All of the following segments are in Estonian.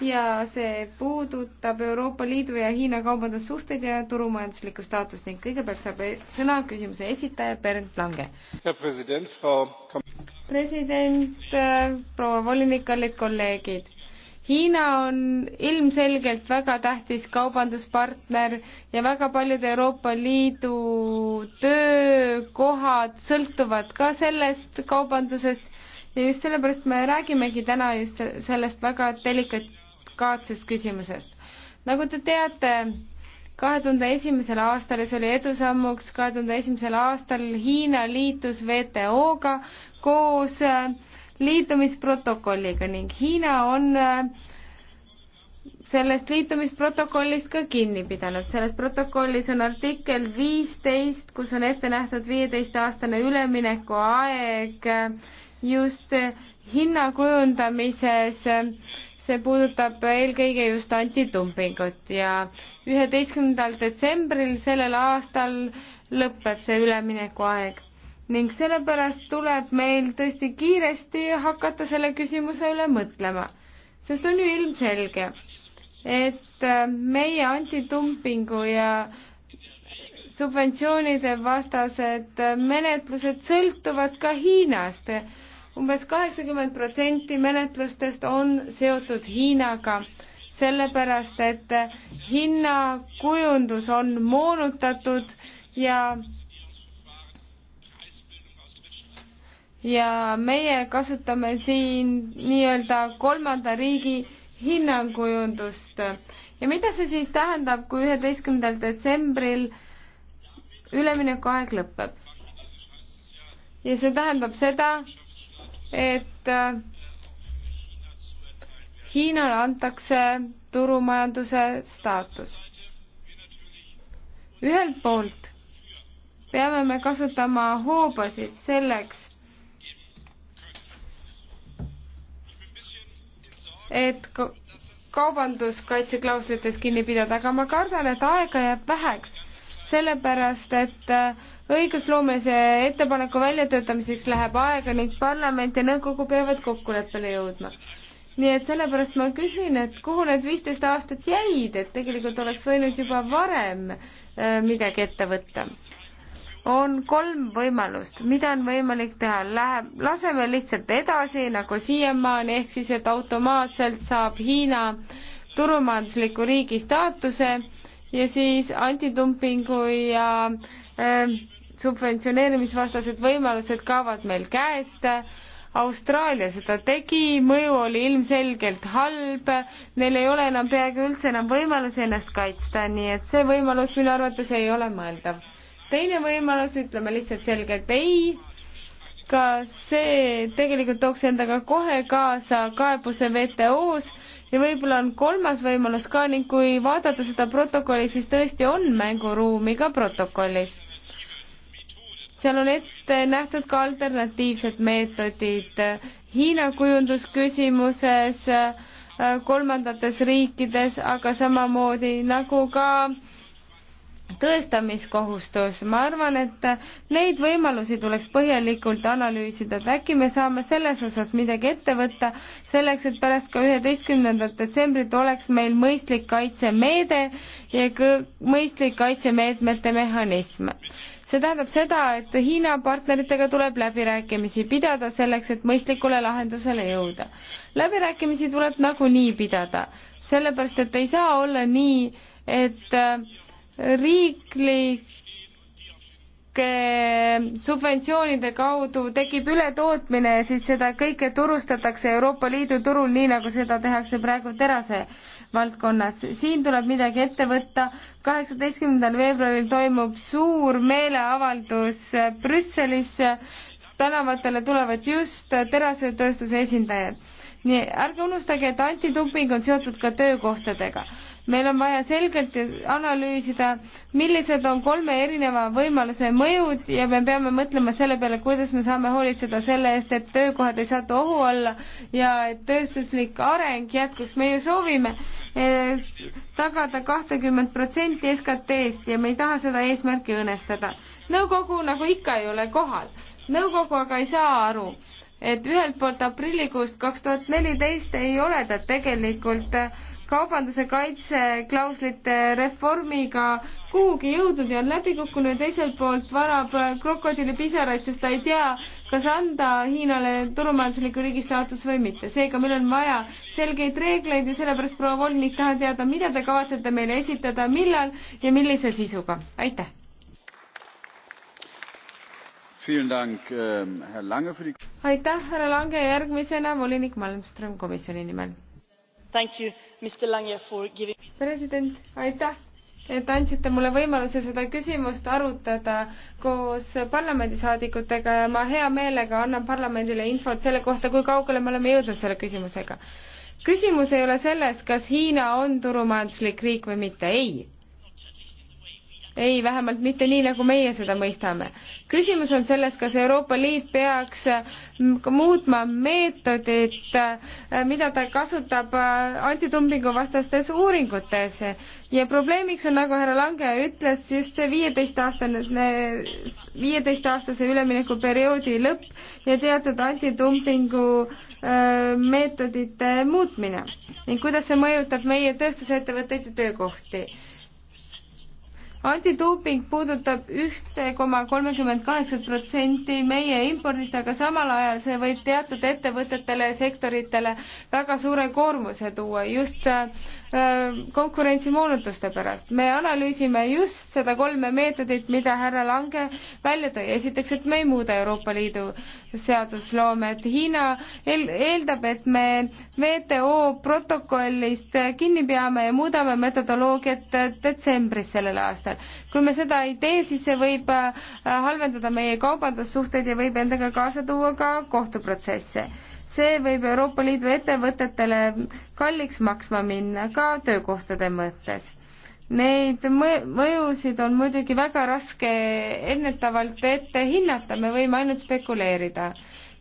ja see puudutab Euroopa Liidu ja Hiina kaubandussuhteid ja turumajanduslikku staatust ning kõigepealt saab e- sõna küsimuse esitaja Bernd Lange. president, Frau... Äh, president, proua volinik, kallid kolleegid. Hiina on ilmselgelt väga tähtis kaubanduspartner ja väga paljud Euroopa Liidu töökohad sõltuvad ka sellest kaubandusest ja just sellepärast me räägimegi täna just sellest väga delikat-, delikaatsest küsimusest. nagu te teate, kahe tuhande esimesel aastal ja see oli edusammuks, kahe tuhande esimesel aastal Hiina liitus WTO-ga koos äh, liitumisprotokolliga ning Hiina on äh, sellest liitumisprotokollist ka kinni pidanud. selles protokollis on artikkel viisteist, kus on ette nähtud viieteist-aastane üleminekuaeg äh, just hinna kujundamises see puudutab eelkõige just antidumpingut ja üheteistkümnendal detsembril sellel aastal lõpeb see üleminekuaeg ning sellepärast tuleb meil tõesti kiiresti hakata selle küsimuse üle mõtlema, sest on ju ilmselge, et äh, meie antidumpingu ja subventsioonide vastased äh, menetlused sõltuvad ka Hiinast umbes kaheksakümmend protsenti menetlustest on seotud Hiinaga, sellepärast et hinnakujundus on moonutatud ja ja meie kasutame siin nii-öelda kolmanda riigi hinnakujundust. ja mida see siis tähendab, kui üheteistkümnendal detsembril üleminekuaeg lõpeb? ja see tähendab seda, et äh, Hiinale antakse turumajanduse staatus. ühelt poolt peame me kasutama hoobasid selleks, et kaubanduskaitseklauslitest kinni pidada, aga ma kardan, et aega jääb väheks sellepärast et äh, õigusloomelise ettepaneku väljatöötamiseks läheb aega ning parlament ja nõukogu peavad kokkuleppele jõudma. nii et sellepärast ma küsin, et kuhu need viisteist aastat jäid, et tegelikult oleks võinud juba varem äh, midagi ette võtta. on kolm võimalust, mida on võimalik teha, läheb, laseme lihtsalt edasi nagu siiamaani, ehk siis, et automaatselt saab Hiina turumajandusliku riigi staatuse ja siis antidumpingu ja äh, subventsioneerimisvastased võimalused kaovad meil käest. Austraalia seda tegi, mõju oli ilmselgelt halb, neil ei ole enam peaaegu üldse enam võimalusi ennast kaitsta, nii et see võimalus minu arvates ei ole mõeldav. teine võimalus, ütleme lihtsalt selgelt ei, ka see tegelikult tooks endaga kohe kaasa kaebuse WTO-s ja võib-olla on kolmas võimalus ka ning kui vaadata seda protokolli, siis tõesti on mänguruumi ka protokollis. seal on ette nähtud ka alternatiivsed meetodid Hiina kujundusküsimuses, äh, kolmandates riikides, aga samamoodi nagu ka äh, tõestamiskohustus, ma arvan, et neid võimalusi tuleks põhjalikult analüüsida, et äkki me saame selles osas midagi ette võtta, selleks et pärast ka üheteistkümnendat detsembrit oleks meil mõistlik kaitsemeede ja mõistlik kaitsemeetmete mehhanism see tähendab seda, et Hiina partneritega tuleb läbirääkimisi pidada selleks, et mõistlikule lahendusele jõuda. läbirääkimisi tuleb nagunii pidada, sellepärast et ei saa olla nii, et äh, riiklike subventsioonide kaudu tekib ületootmine ja siis seda kõike turustatakse Euroopa Liidu turul, nii nagu seda tehakse praegu terase valdkonnas. siin tuleb midagi ette võtta. kaheksateistkümnendal veebruaril toimub suur meeleavaldus Brüsselis. tänavatele tulevad just terasetööstuse esindajad. nii, ärge unustage, et antidoping on seotud ka töökohtadega meil on vaja selgelt analüüsida, millised on kolme erineva võimaluse mõjud ja me peame mõtlema selle peale, kuidas me saame hoolitseda selle eest, et töökohad ei satu ohu alla ja et tööstuslik areng jätkuks. me ju soovime e, tagada kahtekümmet protsenti SKT-st ja me ei taha seda eesmärki õõnestada. nõukogu nagu ikka ei ole kohal, nõukogu aga ei saa aru et ühelt poolt aprillikuust kaks tuhat neliteist ei ole ta tegelikult äh, kaubanduse kaitseklauslite reformiga kuhugi jõudnud ja on läbi kukkunud ja teiselt poolt varab krokodillipisaraid, sest ta ei tea, kas anda Hiinale turumajandusliku riigi staatus või mitte. seega meil on vaja selgeid reegleid ja sellepärast proua volinik tahan teada, mida te kavatsete meile esitada, millal ja millise sisuga. aitäh! Ähm, aitäh, härra Lange, järgmisena volinik Malmström komisjoni nimel president aitäh et andsite mulle võimaluse seda küsimust arutada koos parlamendisaadikutega ja ma hea meelega annan parlamendile infot selle kohta kui kaugele me oleme jõudnud selle küsimusega. küsimus ei ole selles kas hiina on turumajanduslik riik või mitte ei ei, vähemalt mitte nii, nagu meie seda mõistame. küsimus on selles, kas Euroopa Liit peaks mm, muutma meetodit, äh, mida ta kasutab äh, antitumpingu vastastes uuringutes ja probleemiks on, nagu härra Lange ütles, just see viieteist-aastane, äh, viieteist-aastase üleminekuperioodi lõpp ja teatud antitumpingu meetodite muutmine ning kuidas see mõjutab meie tööstusettevõtteid ja töökohti antidumping puudutab ühte koma kolmekümmend kaheksat protsenti meie impordist, aga samal ajal see võib teatud ettevõtetele ja sektoritele väga suure koormuse tuua just äh, Äh, konkurentsimoonutuste pärast. me analüüsime just seda kolme meetodit, mida härra Lange välja tõi. esiteks, et me ei muuda Euroopa Liidu seadusloomet. Hiina eeldab, et me WTO protokollist kinni peame ja muudame metodoloogiat detsembris sellel aastal. kui me seda ei tee, siis see võib äh, halvendada meie kaubandussuhteid ja võib endaga kaasa tuua ka kohtuprotsesse see võib Euroopa Liidu ettevõtetele kalliks maksma minna ka töökohtade mõttes. Neid mõjusid on muidugi väga raske ennetavalt ette hinnata, me võime ainult spekuleerida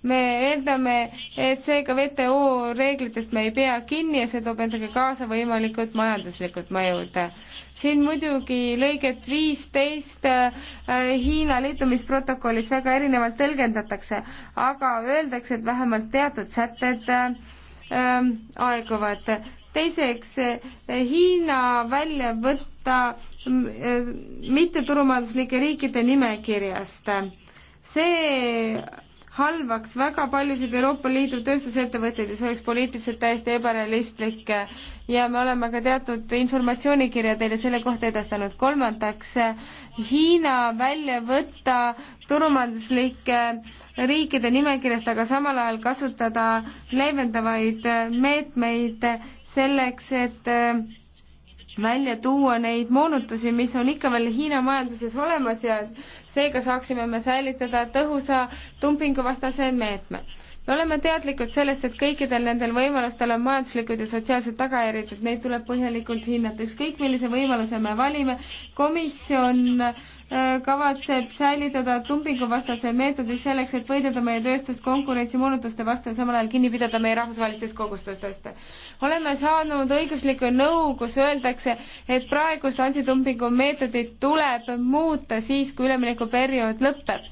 me eeldame, et seega WTO reeglitest me ei pea kinni ja see toob endaga kaasa võimalikud majanduslikud mõjud. siin muidugi lõiget viisteist äh, Hiina liitumisprotokollis väga erinevalt tõlgendatakse, aga öeldakse, et vähemalt teatud sätted ähm, aeguvad. teiseks, äh, Hiina välja võtta äh, mitteturumajandusnike riikide nimekirjast. see halvaks väga paljusid Euroopa Liidu tööstusettevõtteid ja see oleks poliitiliselt täiesti ebarealistlik ja me oleme ka teatud informatsioonikirja teile selle kohta edastanud. kolmandaks, Hiina välja võtta turumajanduslike riikide nimekirjast, aga samal ajal kasutada leevendavaid meetmeid selleks, et välja tuua neid moonutusi, mis on ikka veel Hiina majanduses olemas ja seega saaksime me säilitada tõhusa dumpinguvastase meetme. me oleme teadlikud sellest, et kõikidel nendel võimalustel on majanduslikud ja sotsiaalsed tagajärjed, et neid tuleb põhjalikult hinnata, ükskõik millise võimaluse me valime. komisjon äh, kavatseb säilitada dumpinguvastase meetodi selleks, et võidelda meie tööstust konkurentsimoonutuste vastu ja samal ajal kinni pidada meie rahvusvahelistest kogustustest oleme saanud õiguslikku nõu, kus öeldakse, et praegust antidumpingu meetodit tuleb muuta siis, kui üleminekuperiood lõpeb.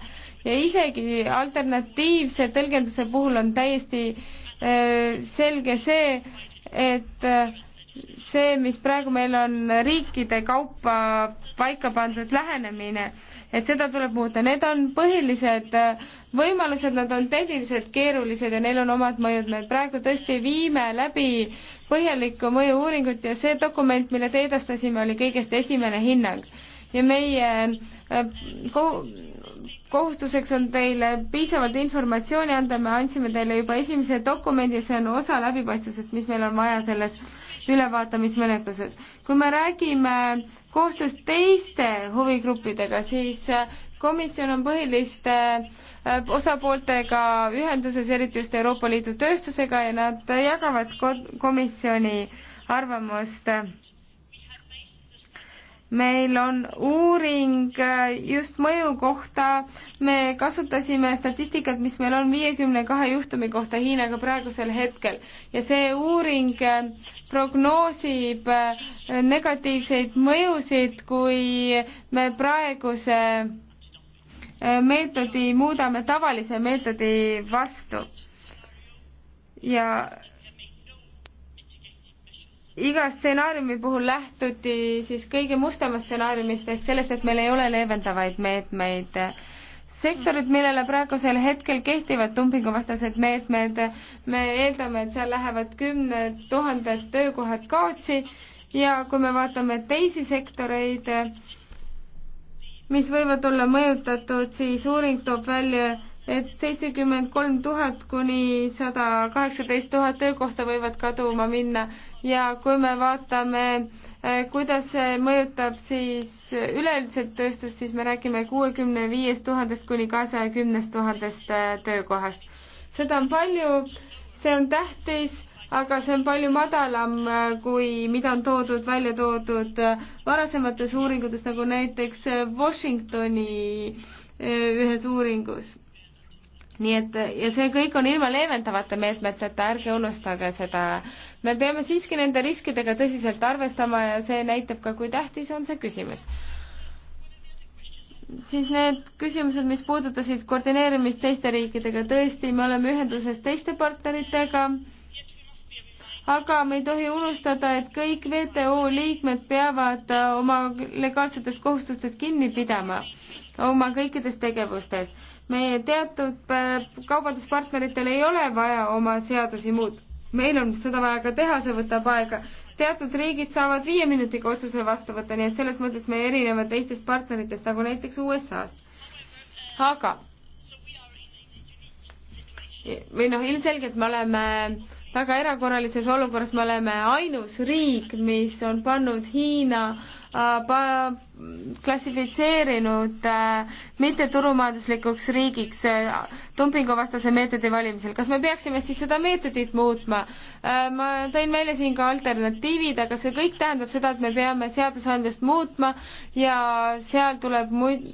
ja isegi alternatiivse tõlgenduse puhul on täiesti öö, äh, selge see, et öö, äh, see, mis praegu meil on riikide kaupa paika pandud lähenemine, et seda tuleb muuta. Need on põhilised äh, võimalused, nad on tehniliselt keerulised ja neil on omad mõjud. me praegu tõesti viime läbi põhjalikku mõju-uuringut ja see dokument, mille te edastasime, oli kõigest esimene hinnang. ja meie äh, kohustuseks on teile piisavalt informatsiooni anda, me andsime teile juba esimese dokumendi, see on osa läbipaistvusest, mis meil on vaja selles ülevaatamismenetlused. kui me räägime koostööst teiste huvigruppidega, siis äh, komisjon on põhiliste äh, osapooltega ühenduses, eriti just Euroopa Liidu tööstusega ja nad jagavad komisjoni arvamust. meil on uuring äh, just mõju kohta, me kasutasime statistikat, mis meil on viiekümne kahe juhtumi kohta Hiinaga praegusel hetkel ja see uuring äh, prognoosib äh, negatiivseid mõjusid, kui me praeguse äh, meetodi muudame tavalise meetodi vastu. ja iga stsenaariumi puhul lähtuti siis kõige mustemast stsenaariumist ehk sellest, et meil ei ole leevendavaid meetmeid meet sektorid, millele praegusel hetkel kehtivad dumpinguvastased meetmed, me eeldame, et seal lähevad kümned tuhanded töökohad kaotsi ja kui me vaatame teisi sektoreid, mis võivad olla mõjutatud, siis uuring toob välja, et seitsekümmend kolm tuhat kuni sada kaheksateist tuhat töökohta võivad kaduma minna ja kui me vaatame äh, Äh, kuidas see mõjutab siis üleüldiselt tööstust, siis me räägime kuuekümne viiest tuhandest kuni kahesaja kümnest tuhandest äh, töökohast. seda on palju, see on tähtis, aga see on palju madalam äh, kui mida on toodud, välja toodud varasemates uuringutes, nagu näiteks Washingtoni ühes uuringus nii et ja see kõik on ilma leevendavate meetmeteta, ärge unustage seda. me peame siiski nende riskidega tõsiselt arvestama ja see näitab ka, kui tähtis on see küsimus. siis need küsimused, mis puudutasid koordineerimist teiste riikidega, tõesti, me oleme ühenduses teiste partneritega, aga me ei tohi unustada, et kõik WTO liikmed peavad oma legaalsetest kohustustest kinni pidama oma kõikides tegevustes. meie teatud äh, kaubanduspartneritel ei ole vaja oma seadusi muuta. meil on seda vaja ka teha, see võtab aega. teatud riigid saavad viie minutiga otsuse vastu võtta, nii et selles mõttes me erineme teistest partneritest, nagu näiteks USA-st. aga või noh, ilmselgelt me oleme väga erakorralises olukorras, me oleme ainus riik, mis on pannud Hiina Äh, klassifitseerinud äh, mitteturumajanduslikuks riigiks äh, dumpinguvastase meetodi valimisel. kas me peaksime siis seda meetodit muutma? ma tõin välja siin ka alternatiivid, aga see kõik tähendab seda, et me peame seadusandlust muutma ja seal tuleb muid,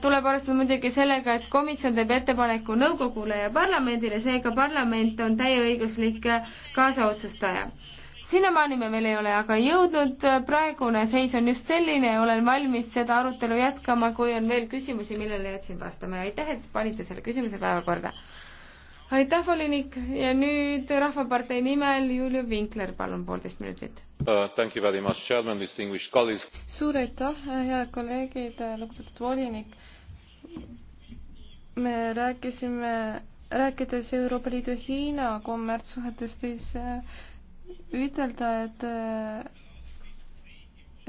tuleb arvestada muidugi sellega, et komisjon teeb ettepaneku nõukogule ja parlamendile, seega parlament on täieõiguslik kaasotsustaja sinnamaani me veel ei ole aga jõudnud, äh, praegune seis on just selline ja olen valmis seda arutelu jätkama, kui on veel küsimusi, millele jätsin vastama ja aitäh, et panite selle küsimuse päevakorda. aitäh, volinik ja nüüd Rahvapartei nimel Julia Vinkler, palun poolteist minutit uh,. suur aitäh, äh, head kolleegid, äh, lugupeetud volinik. me rääkisime, rääkides Euroopa Liidu Hiina kommertssuhetest, siis äh, ütelda, et äh,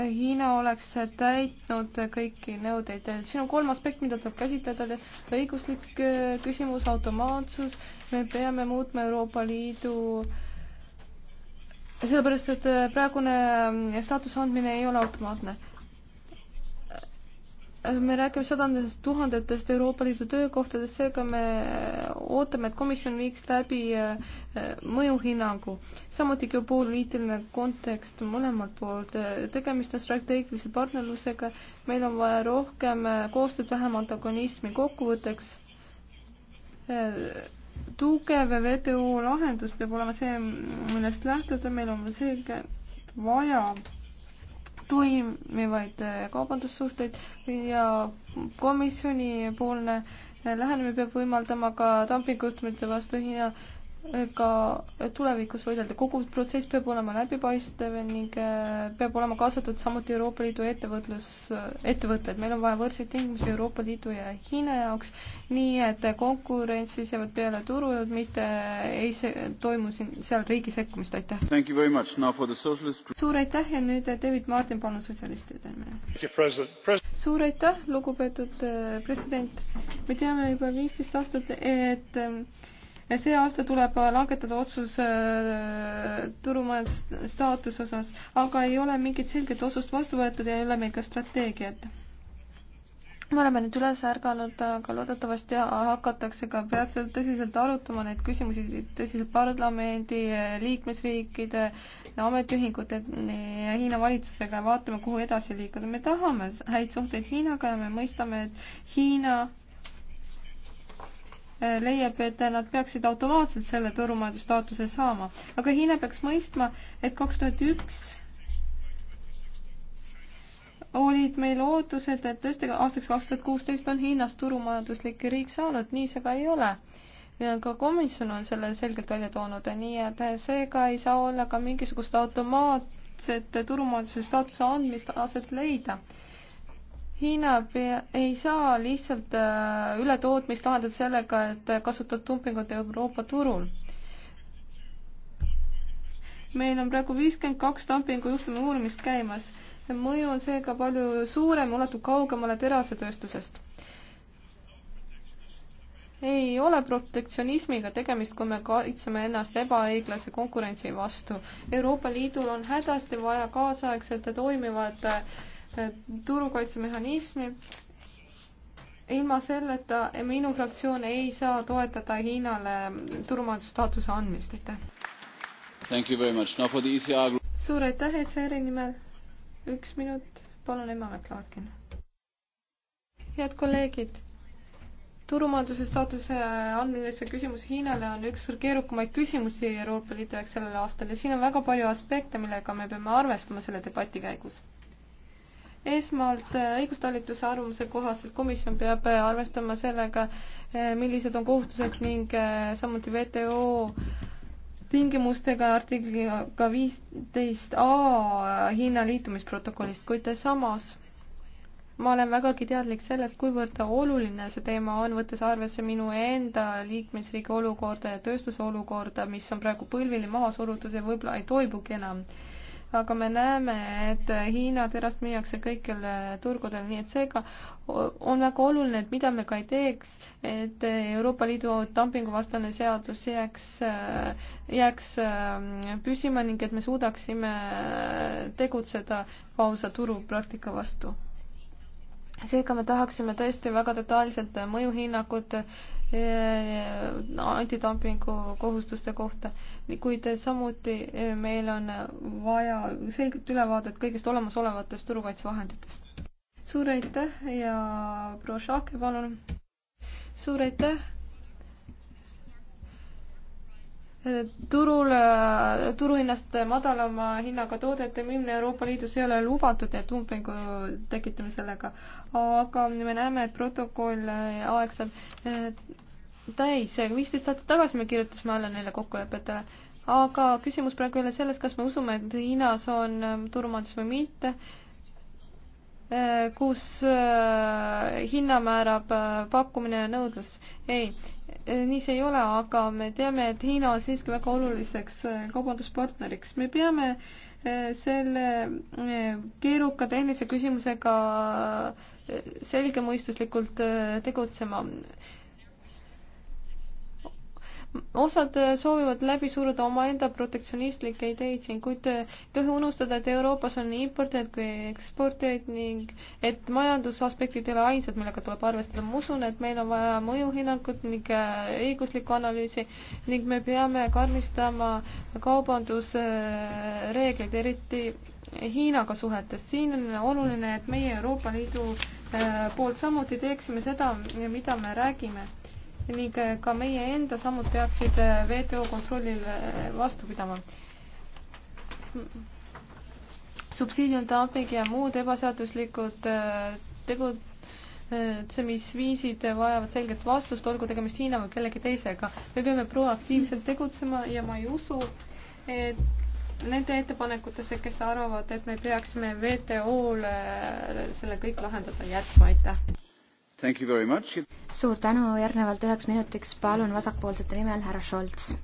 Hiina oleks täitnud kõiki nõudeid. siin on kolm aspekti, mida tuleb käsitleda. õiguslik äh, küsimus, automaatsus, me peame muutma Euroopa Liidu sellepärast, et äh, praegune staatuse andmine ei ole automaatne me räägime sadadest tuhandetest Euroopa Liidu töökohtadest, seega me ootame, et komisjon viiks läbi äh, mõjuhinnangu. samuti geopoliitiline kontekst mõlemalt poolt, tegemist on strateegilise partnerlusega, meil on vaja rohkem äh, koostööd, vähem antagonismi, kokkuvõtteks äh, tugev WTO lahendus peab olema see, millest lähtuda, meil on selge vaja toimivaid äh, kaubandussuhteid ja komisjoni poolne lähenemine peab võimaldama ka dumpingjuhtumite vastu Hiina ka tulevikus võidelda. kogu protsess peab olema läbipaistev ning äh, peab olema kaasatud samuti Euroopa Liidu ettevõtlus, ettevõtted. meil on vaja võrdseid tingimusi Euroopa Liidu ja Hiina jaoks, nii et konkurentsis jäävad peale turud, mitte ei se-, toimu siin, seal riigi sekkumist, aitäh! Socialist... suur aitäh ja nüüd äh, David Martin, palun sotsialistidele. suur aitäh, lugupeetud äh, president! me teame juba viisteist aastat, et ähm, see aasta tuleb langetada otsus äh, turumajandusstaatuse osas, aga ei ole mingit selget otsust vastu võetud ja ei ole meil ka strateegiat. me oleme nüüd üles ärganud, aga loodetavasti hakatakse ka peatselt tõsiselt arutama neid küsimusi tõsiselt parlamendi, liikmesriikide, ametiühingute ja Hiina valitsusega ja vaatame, kuhu edasi liikuda. me tahame häid suhteid Hiinaga ja me mõistame, et Hiina leiab, et nad peaksid automaatselt selle turumajandusstaatuse saama. aga Hiina peaks mõistma, et kaks tuhat üks olid meil ootused, et tõesti aastaks kaks tuhat kuusteist on Hiinast turumajanduslik riik saanud, nii see ka ei ole. ka komisjon on selle selgelt välja toonud, nii et seega ei saa olla ka mingisugust automaatset turumajanduse staatuse andmist aset leida Hiina ei saa lihtsalt äh, ületootmist lahendada sellega, et kasutab dumpingut Euroopa turul. meil on praegu viiskümmend kaks dumpingujuhtumi uurimist käimas. mõju on seega palju suurem, ulatub kaugemale terasetööstusest ei ole protektsionismiga tegemist, kui me kaitseme ennast ebaõiglase konkurentsi vastu. Euroopa Liidul on hädasti vaja kaasaegset ja toimivat äh, turukaitsemehhanismi. ilma selleta minu fraktsioon ei saa toetada Hiinale turumajandusstaatuse andmist, aitäh. E suur aitäh ECR-i nimel. üks minut, palun, Emma Mäkk-Laadkin. head kolleegid turumajanduse staatuse andmise küsimus Hiinale on üks keerukamaid küsimusi Euroopa Liidu jaoks sellel aastal ja siin on väga palju aspekte, millega me peame arvestama selle debati käigus esmalt äh, õigustalituse arvamuse kohaselt komisjon peab äh, arvestama sellega, äh, millised on kohustused ning samuti WTO tingimustega artikliga viisteist A Hiina liitumisprotokollist, kuid samas ma olen vägagi teadlik sellest, kuivõrd oluline see teema on, võttes arvesse minu enda liikmesriigi olukorda ja tööstuse olukorda, mis on praegu põlvili maha surutud ja võib-olla ei toibugi enam aga me näeme, et Hiina terast müüakse kõikjal äh, turgudel, nii et seega on väga oluline, et mida me ka ei teeks, et Euroopa Liidu dumpinguvastane seadus jääks, äh, jääks ähm, püsima ning et me suudaksime äh, tegutseda ausa turupraktika vastu seega me tahaksime tõesti väga detailset mõjuhinnangut Äh, antidumpingu kohustuste kohta, kuid samuti äh, meil on vaja selget ülevaadet kõigist olemasolevatest turukaitsevahenditest. suur aitäh ja proua Šake, palun. suur aitäh turul, turuhinnast madalama hinnaga toodete müümine Euroopa Liidus ei ole lubatud, nii et umbpingu tekitame sellega. aga me näeme, et protokoll eh, aeg saab eh, täis, viisteist aastat tagasi me kirjutasime alla neile kokkulepetele, aga küsimus praegu ei ole selles, kas me usume, et Hiinas on eh, turumajandus või mitte, kus hinna määrab pakkumine ja nõudlus. ei, Äh, nii see ei ole, aga me teame, et Hiina on siiski väga oluliseks äh, kaubanduspartneriks. me peame äh, selle keeruka tehnilise küsimusega selgemõistuslikult tegutsema osad soovivad läbi suruda omaenda protektsionistlikke ideid siin, kuid ei tohi unustada, et Euroopas on nii importijaid kui eksportijaid ning et majandusaspektid ei ole ainsad, millega tuleb arvestada. ma usun, et meil on vaja mõjuhinnangut ning äh, õiguslikku analüüsi ning me peame karmistama kaubandusreegleid, eriti Hiinaga suhetes. siin on oluline, et meie Euroopa Liidu äh, poolt samuti teeksime seda, mida me räägime ning äh, ka meie enda sammud peaksid äh, WTO kontrollile äh, vastu pidama. subsiidium, dumping ja muud ebaseaduslikud tegud tegutsemisviisid vajavad selget vastust, olgu tegemist Hiina või kellegi teisega. me peame proaktiivselt tegutsema ja ma ei usu, et nende ettepanekutesse, kes arvavad, et me peaksime WTO-le selle kõik lahendada jätma, aitäh suur tänu, järgnevalt üheks minutiks palun vasakpoolsete nimel härra Scholz.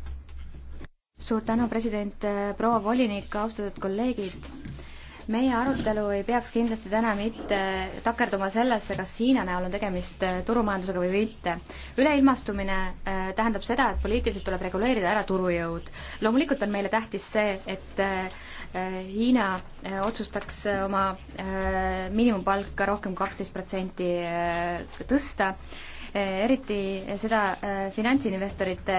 suur tänu, president, äh, proua volinik, austatud kolleegid meie arutelu ei peaks kindlasti täna mitte takerduma sellesse, kas Hiina näol on tegemist äh, turumajandusega või mitte. üleilmastumine äh, tähendab seda, et poliitiliselt tuleb reguleerida ära turujõud. loomulikult on meile tähtis see, et Äh, Hiina äh, otsustaks äh, oma miinimumpalka rohkem kaksteist protsenti tõsta, eriti seda finantsinvestorite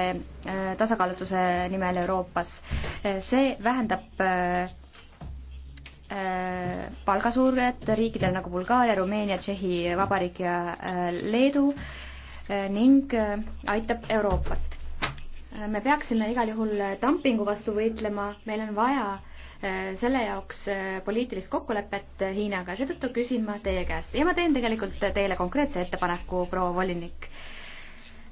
tasakaalutuse nimel Euroopas. see vähendab palgasurvet riikidel nagu Bulgaaria, Rumeenia, Tšehhi Vabariik ja Leedu ning aitab Euroopat. me peaksime igal juhul dumpingu vastu võitlema, meil on vaja äh, Eh, selle jaoks eh, poliitilist kokkulepet eh, Hiinaga ja seetõttu küsin ma teie käest ja ma teen tegelikult teile konkreetse ettepaneku, proua volinik.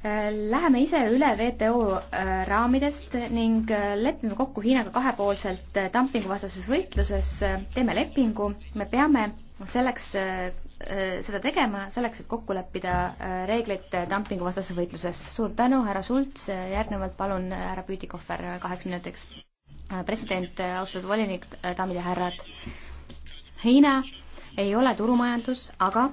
Läheme ise üle WTO raamidest ning lepime kokku Hiinaga kahepoolselt dumpinguvastases võitluses, teeme lepingu, me peame selleks seda tegema, selleks, et kokku leppida reegleid dumpinguvastases võitluses. suur tänu, härra Schultz, järgnevalt palun härra Püütikohver kaheks minutiks. Äh, president, äh, austatud volinik, äh, daamid ja härrad. Hiina ei ole turumajandus, aga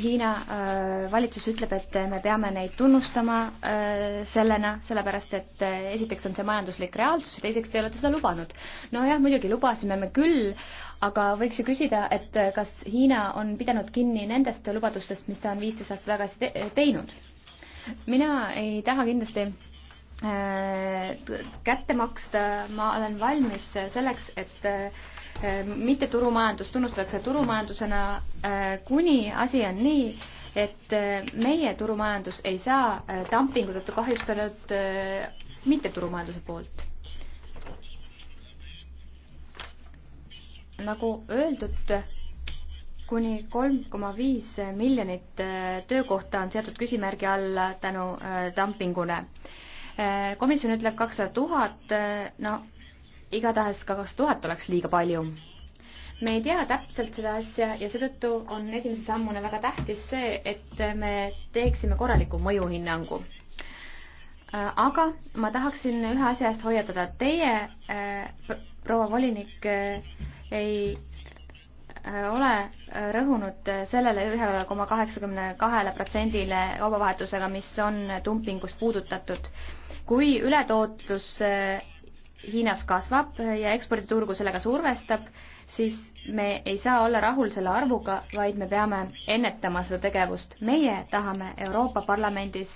Hiina valitsus ütleb, et me peame neid tunnustama sellena, sellepärast et esiteks on see majanduslik reaalsus ja teiseks te olete seda lubanud. nojah, muidugi lubasime me küll, aga võiks ju küsida, et kas Hiina on pidanud kinni nendest lubadustest, mis ta on viisteist aastat tagasi te teinud mina ei taha kindlasti äh, kätte maksta, ma olen valmis selleks, et äh, mitte turumajandust tunnustatakse turumajandusena, äh, kuni asi on nii, et meie turumajandus ei saa dumpingu tõttu kahjustanud mitte turumajanduse poolt. nagu öeldud, kuni kolm koma viis miljonit äh, töökohta on seatud küsimärgi alla tänu äh, dumpingule. Äh, komisjon ütleb kakssada tuhat, no igatahes ka kakssada tuhat oleks liiga palju. me ei tea täpselt seda asja ja seetõttu on esimese sammuna väga tähtis see, et me teeksime korraliku mõjuhinnangu. aga ma tahaksin ühe asja eest hoiatada, teie proua volinik ei Äh, ole äh, rõhunud sellele ühele koma kaheksakümne kahele protsendile kaubavahetusega, mis on dumpingust puudutatud. kui ületootlus äh, Hiinas kasvab ja eksporditurgu sellega survestab, siis me ei saa olla rahul selle arvuga, vaid me peame ennetama seda tegevust. meie tahame Euroopa Parlamendis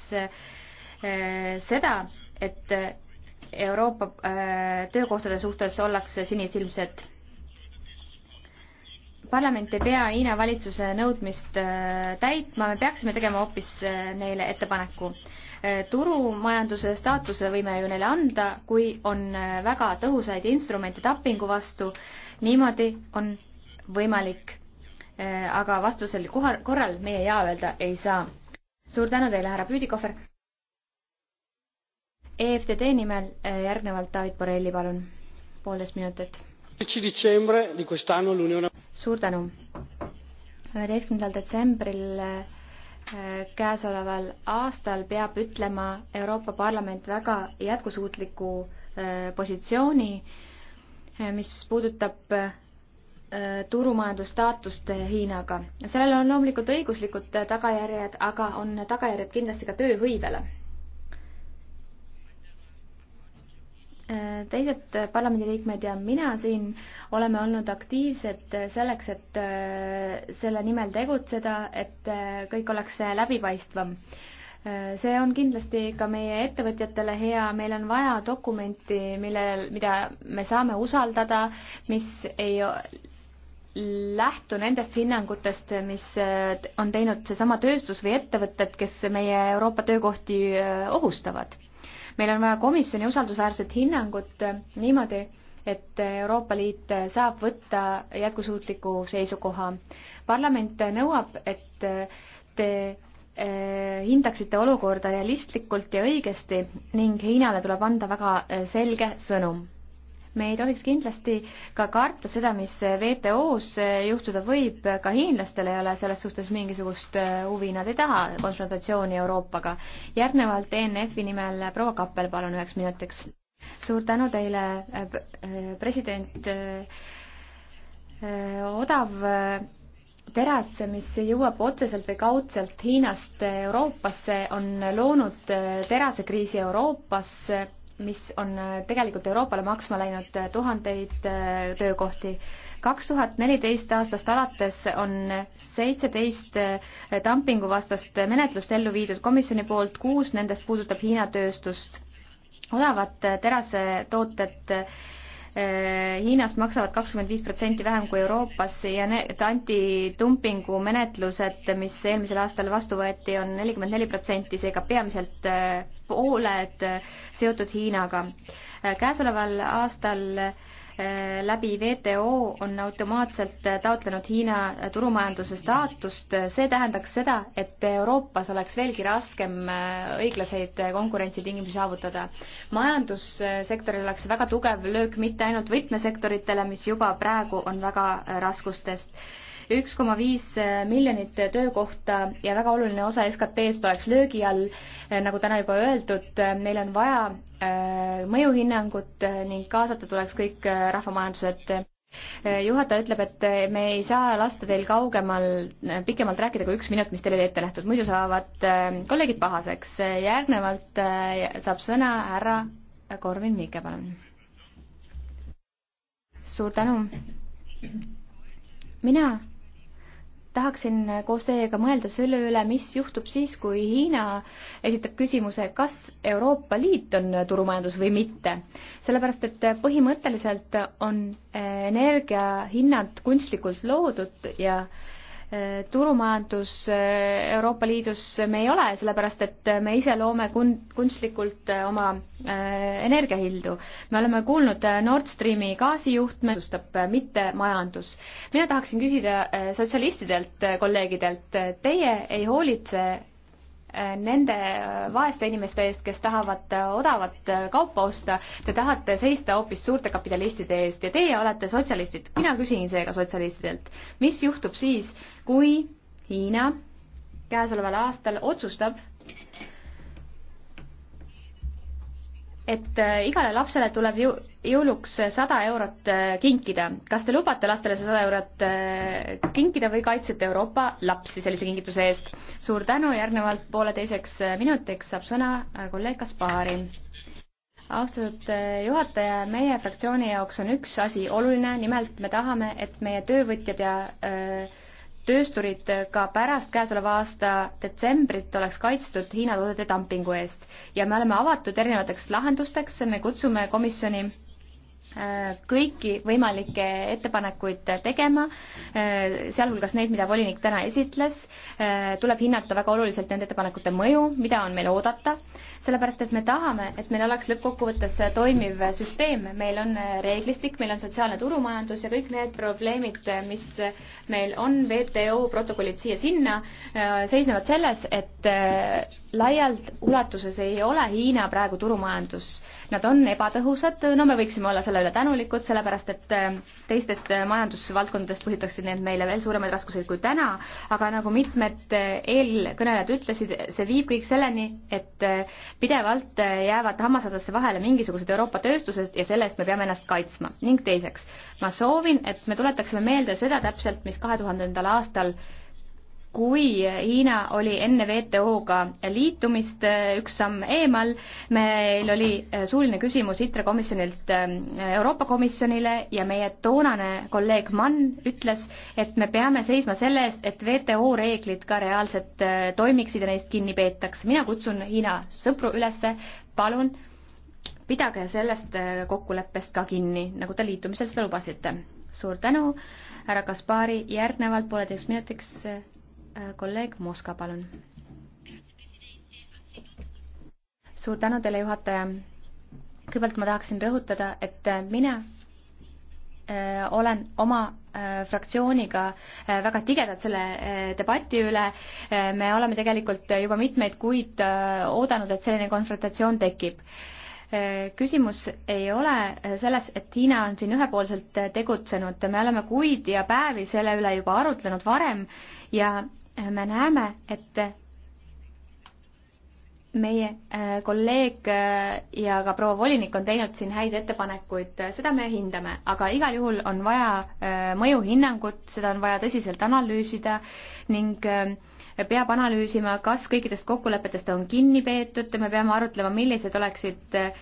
seda, et Euroopa töökohtade suhtes ollakse sinisilmsed parlament ei pea Hiina valitsuse nõudmist äh, täitma, me peaksime tegema hoopis äh, neile ettepaneku. Äh, turumajanduse staatuse võime ju neile anda, kui on väga tõhusaid instrumente tappingu vastu, niimoodi on võimalik. aga vastusel kohal, korral meie jaa öelda ei saa. suur tänu teile, härra Püüdikohver. EFTD nimel järgnevalt David Borrelli, palun. poolteist minutit suur tänu. üheteistkümnendal detsembril eh, käesoleval aastal peab ütlema Euroopa Parlament väga jätkusuutliku eh, positsiooni, eh, mis puudutab turumajandusstaatust Hiinaga. sellel on loomulikult õiguslikud tagajärjed, aga on tagajärjed kindlasti ka tööhõivele teised parlamendiliikmed ja mina siin oleme olnud aktiivsed selleks, et äh, selle nimel tegutseda, et äh, kõik oleks läbipaistvam. Äh, see on kindlasti ka meie ettevõtjatele hea, meil on vaja dokumenti, millel, mida me saame usaldada, mis ei lähtu nendest hinnangutest, mis on teinud seesama tööstus või ettevõtted, kes meie Euroopa töökohti ohustavad meil on vaja komisjoni usaldusväärset hinnangut niimoodi, et Euroopa Liit saab võtta jätkusuutliku seisukoha. parlament nõuab, et te eh, hindaksite olukorda realistlikult ja õigesti ning Hiinale tuleb anda väga eh, selge sõnum me ei tohiks kindlasti ka karta seda, mis WTO-s juhtuda võib, ka hiinlastel ei ole selles suhtes mingisugust äh, huvi, nad ei taha konfrontatsiooni Euroopaga. järgnevalt ENF-i nimel äh, proua Kappel, palun üheks minutiks. suur tänu teile, äh, president. odav teras, mis jõuab otseselt või kaudselt Hiinast Euroopasse, on loonud terasekriisi Euroopas mis on äh, tegelikult Euroopale maksma läinud äh, tuhandeid äh, töökohti. kaks tuhat neliteist aastast alates on seitseteist dumpinguvastast menetlust ellu viidud komisjoni poolt, kuus nendest puudutab Hiina tööstust. odavad terasetooted Äh, Hiinas maksavad kakskümmend viis protsenti vähem kui Euroopas ja need antidumpingu menetlused, mis eelmisel aastal vastu võeti, on nelikümmend neli protsenti, seega peamiselt äh, pooled äh, seotud Hiinaga. käesoleval aastal Äh, läbi WTO on automaatselt äh, taotlenud Hiina äh, turumajanduse staatust, see tähendaks seda, et Euroopas oleks veelgi raskem õiglaseid konkurentsitingimusi saavutada. majandussektoril oleks väga tugev löök mitte ainult võtmesektoritele, mis juba praegu on väga raskustest üks koma viis miljonit töökohta ja väga oluline osa SKT-st oleks löögi all, nagu täna juba öeldud, meil on vaja äh, mõjuhinnangut ning kaasata tuleks kõik äh, rahvamajandused äh, juhataja ütleb, et me ei saa lasta teil kaugemal, pikemalt rääkida kui üks minut, mis teil oli ette nähtud, muidu saavad kolleegid pahaseks. järgnevalt saab sõna härra Korvin Mikke, palun. suur tänu. mina tahaksin koos teiega mõelda selle üle, mis juhtub siis, kui Hiina esitab küsimuse, kas Euroopa Liit on turumajandus või mitte. sellepärast, et põhimõtteliselt on eh, energiahinnad kunstlikult loodud ja äh, turumajandus eh, Euroopa Liidus me ei ole, sellepärast et me ise loome kun-, kunstlikult eh, oma eh, energiahildu. me oleme kuulnud Nord Streami gaasijuhtme, otsustab mitte majandus. mina tahaksin küsida sotsialistidelt, kolleegidelt, teie ei hoolitse Äh, nende äh, vaeste inimeste eest, kes tahavad äh, odavat kaupa osta, te tahate seista hoopis suurte kapitalistide eest ja teie olete sotsialistid. mina küsin seega sotsialistidelt, mis juhtub siis, kui Hiina käesoleval aastal otsustab et äh, igale lapsele tuleb ju jõuluks äh, sada eurot äh, kinkida. kas te lubate lastele see sada eurot kinkida või kaitsete Euroopa lapsi sellise kingituse eest? suur tänu, järgnevalt pooleteiseks minutiks saab sõna kolleeg Kaspari. austatud juhataja, meie fraktsiooni jaoks on üks asi oluline, nimelt me tahame, et meie töövõtjad ja öö, töösturid ka pärast käesoleva aasta detsembrit oleks kaitstud Hiina toodete dumpingu eest ja me oleme avatud erinevateks lahendusteks, me kutsume komisjoni Äh, kõiki võimalikke ettepanekuid tegema, äh, sealhulgas neid, mida volinik täna esitles, äh, tuleb hinnata väga oluliselt nende ettepanekute mõju, mida on meil oodata, sellepärast et me tahame, et meil oleks lõppkokkuvõttes toimiv süsteem, meil on reeglistik, meil on sotsiaalne turumajandus ja kõik need probleemid, mis meil on, WTO protokollid siia-sinna, seisnevad selles, et laialt ulatuses ei ole Hiina praegu turumajandus Nad on ebatõhusad, no me võiksime olla selle üle tänulikud, sellepärast et äh, teistest äh, majandusvaldkondadest põhjutaksid need meile veel suuremaid raskuseid kui täna, aga nagu mitmed äh, eelkõnelejad ütlesid, see viib kõik selleni, et pidevalt jäävad hammasadasse vahele mingisugused Euroopa tööstused ja selle eest me peame ennast kaitsma. ning teiseks, ma soovin, et me tuletaksime meelde seda täpselt, mis kahe tuhandendal aastal aastal kui Hiina oli enne WTO-ga liitumist äh, üks samm eemal, meil oli äh, suuline küsimus ITRE komisjonilt ähm, Euroopa Komisjonile ja meie toonane kolleeg Mann ütles, et me peame seisma selle eest, et WTO reeglid ka reaalselt äh, toimiksid ja neist kinni peetaks. mina kutsun Hiina sõpru üles, palun pidage sellest kokkuleppest ka kinni, nagu te liitumisel seda lubasite. suur tänu, härra Kaspari, järgnevalt pooleteist minutiks kolleeg Moska, palun. suur tänu teile, juhataja. kõigepealt ma tahaksin rõhutada, et mina äh, olen oma äh, fraktsiooniga äh, väga tigedalt selle debati üle. me oleme tegelikult juba mitmeid kuid oodanud, et selline konfrontatsioon tekib küsimus ei ole selles, et Hiina on siin ühepoolselt tegutsenud, me oleme kuid ja päevi selle üle juba arutlenud varem ja me näeme, et meie äh, kolleeg äh, ja ka proua volinik on teinud siin häid ettepanekuid, äh, seda me hindame, aga igal juhul on vaja mõjuhinnangut, seda on vaja tõsiselt analüüsida ning peab analüüsima, kas kõikidest kokkulepetest on kinni peetud, me peame arutlema, millised oleksid äh,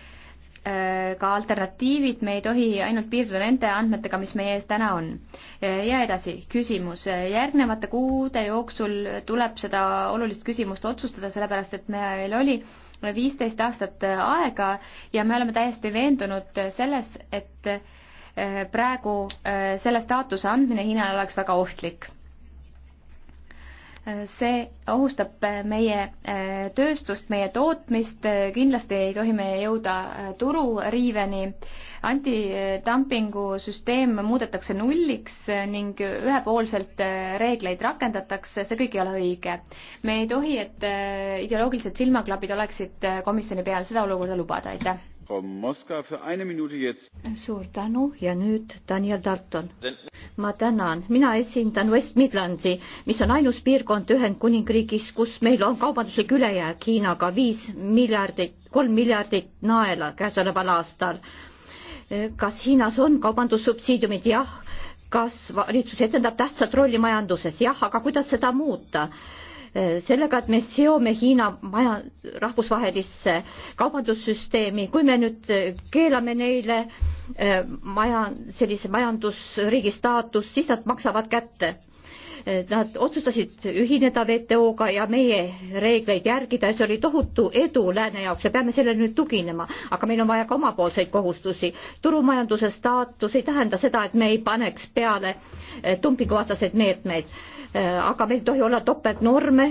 Äh, ka alternatiivid, me ei tohi ainult piirduda nende andmetega, mis meie ees täna on. Äh, ja edasi, küsimus. Äh, järgnevate kuude jooksul tuleb seda olulist küsimust otsustada, sellepärast et meil oli viisteist aastat aega ja me oleme täiesti veendunud selles, et praegu selle staatuse andmine Hiinale oleks väga ohtlik see ohustab meie äh, tööstust, meie tootmist, kindlasti ei tohi me jõuda äh, tururiiveni. antidumpingu süsteem muudetakse nulliks äh, ning ühepoolselt reegleid rakendatakse, see kõik ei ole õige. me ei tohi, et ideoloogilised silmaklapid oleksid komisjoni peal, seda olukorda lubada, aitäh suur tänu ja nüüd Daniel Dalton. ma tänan, mina esindan West Midlandi, mis on ainus piirkond Ühendkuningriigis, kus meil on kaubanduslik ülejääk Hiinaga viis miljardit, kolm miljardit naela käesoleval aastal. kas Hiinas on kaubandussubsiidiumid? jah. kas valitsus etendab tähtsat rolli majanduses? jah, aga kuidas seda muuta? Äh, sellega, et me seome Hiina maja rahvusvahelisse kaubandussüsteemi, kui me nüüd äh, keelame neile äh, maja, sellise majandusriigi staatus, siis nad maksavad kätte. Nad otsustasid ühineda WTO-ga ja meie reegleid järgida ja see oli tohutu edu lääne jaoks ja peame sellele nüüd tuginema, aga meil on vaja ka omapoolseid kohustusi. turumajanduse staatus ei tähenda seda, et me ei paneks peale dumpinguvastaseid meetmeid meet Äh, aga meil ei tohi olla topeltnorme,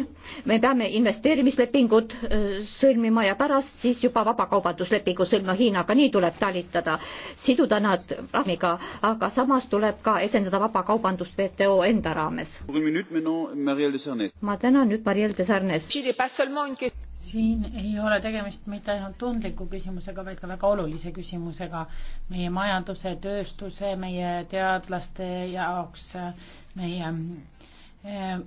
me peame investeerimislepingud äh, sõlmima ja pärast siis juba vabakaubanduslepingu sõlmima Hiinaga, nii tuleb talitada, siduda nad raamiga, aga samas tuleb ka edendada vabakaubandust WTO enda raames. ma tänan nüüd Marielle Desarnes. siin ei ole tegemist mitte ainult tundliku küsimusega, vaid ka väga olulise küsimusega meie majanduse, tööstuse, meie teadlaste jaoks, meie Äh,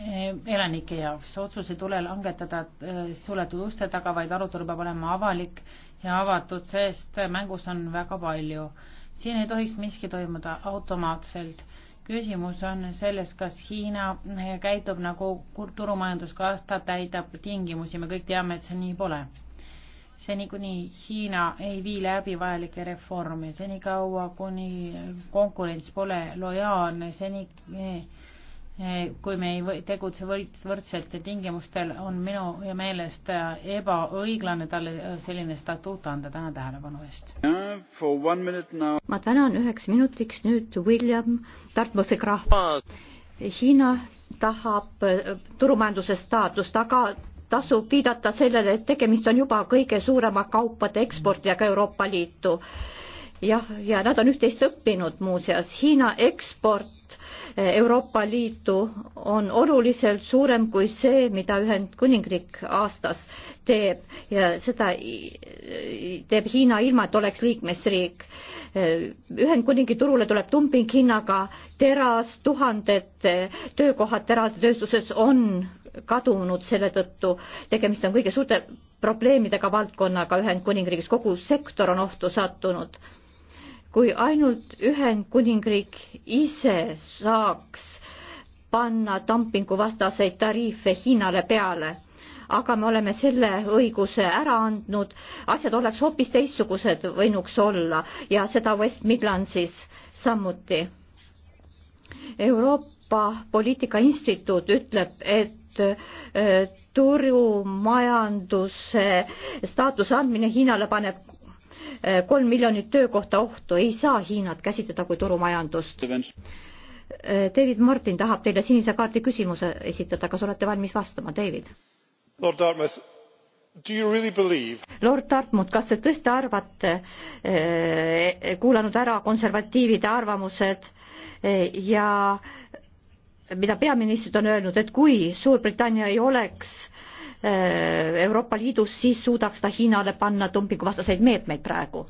äh, elanike jaoks. otsus ei tule langetada äh, suletud uste taga, vaid arutelu peab olema avalik ja avatud, sest mängus on väga palju. siin ei tohiks miski toimuda automaatselt. küsimus on selles, kas Hiina käitub nagu turumajandus, kas ta täidab tingimusi, me kõik teame, et see nii pole. seni, kuni Hiina ei vii läbi vajalikke reforme, senikaua, kuni konkurents pole lojaalne, seni eh, kui me ei tegutse võrdsetel tingimustel, on minu meelest ebaõiglane talle selline statuut anda. tänan tähelepanu eest. ma tänan üheks minutiks nüüd William Tartmose krahv. Hiina tahab turumajanduse staatust, aga tasub viidata sellele, et tegemist on juba kõige suurema kaupade eksportijaga Euroopa Liitu. jah, ja nad on üht-teist õppinud muuseas. Hiina eksport Euroopa Liitu on oluliselt suurem kui see, mida Ühendkuningriik aastas teeb ja seda teeb Hiina ilma, et oleks liikmesriik. Ühendkuningi turule tuleb dumpinghinnaga teras, tuhanded töökohad terasetööstuses on kadunud selle tõttu, tegemist on kõige suurte probleemidega valdkonnaga Ühendkuningriigis, kogu sektor on ohtu sattunud kui ainult Ühendkuningriik ise saaks panna dumpinguvastaseid tariife Hiinale peale. aga me oleme selle õiguse ära andnud, asjad oleks hoopis teistsugused võinuks olla ja seda West Midlandsis samuti. Euroopa Poliitika Instituut ütleb, et äh, turumajanduse staatuse andmine Hiinale paneb Eh, kolm miljonit töökohta ohtu, ei saa Hiinat käsitleda kui turumajandust. Eh, David Martin tahab teile sinise kaardi küsimuse esitada, kas olete valmis vastama, David? Lord Dartmouth, Really Lord Dartmouth, kas te tõesti arvate, eh, kuulanud ära konservatiivide arvamused ja mida peaministrid on öelnud, et kui Suurbritannia ei oleks Äh, Euroopa Liidus, siis suudaks ta Hiinale panna dumpinguvastaseid meetmeid praegu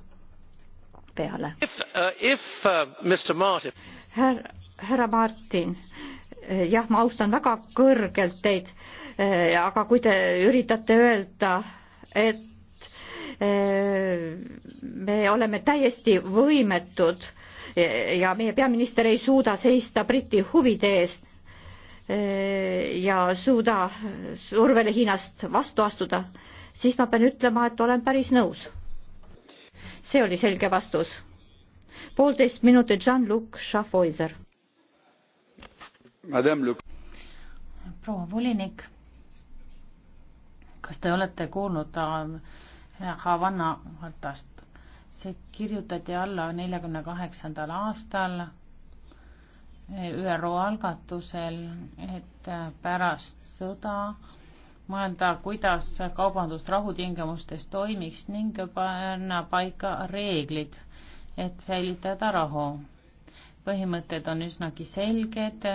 peale. Uh, uh, härra Martin, äh, jah, ma austan väga kõrgelt teid, äh, aga kui te üritate öelda, et me oleme täiesti võimetud ja meie peaminister ei suuda seista Briti huvide eest, ja suuda survele Hiinast vastu astuda, siis ma pean ütlema, et olen päris nõus. see oli selge vastus. poolteist minutit Jean-Luc Schaffhäuser. proua volinik, kas te olete kuulnud äh, Havana hartast? see kirjutati alla neljakümne kaheksandal aastal ÜRO algatusel, et pärast sõda mõelda, kuidas kaubandus rahutingimustes toimiks ning panna paika reeglid, et säilitada rahu. põhimõtted on üsnagi selged,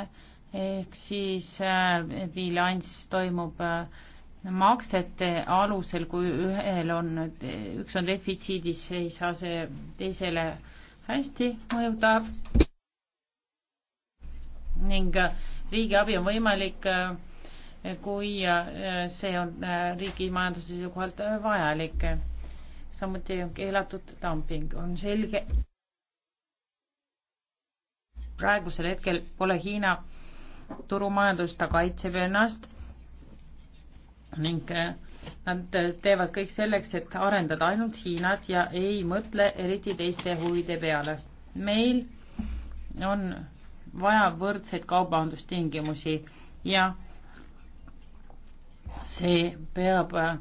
ehk siis äh, bilanss toimub äh, maksete alusel, kui ühel on, üks on defitsiidis, ei saa see teisele hästi mõjuda ning äh, riigiabi on võimalik, äh, kui äh, see on riigi majanduse seisukohalt vajalik. samuti on keelatud dumping, on selge. praegusel hetkel pole Hiina turumajandus, ta kaitseb ennast ning nad teevad kõik selleks, et arendada ainult Hiinat ja ei mõtle eriti teiste huvide peale. meil on vaja võrdseid kaubandustingimusi ja see peab äh,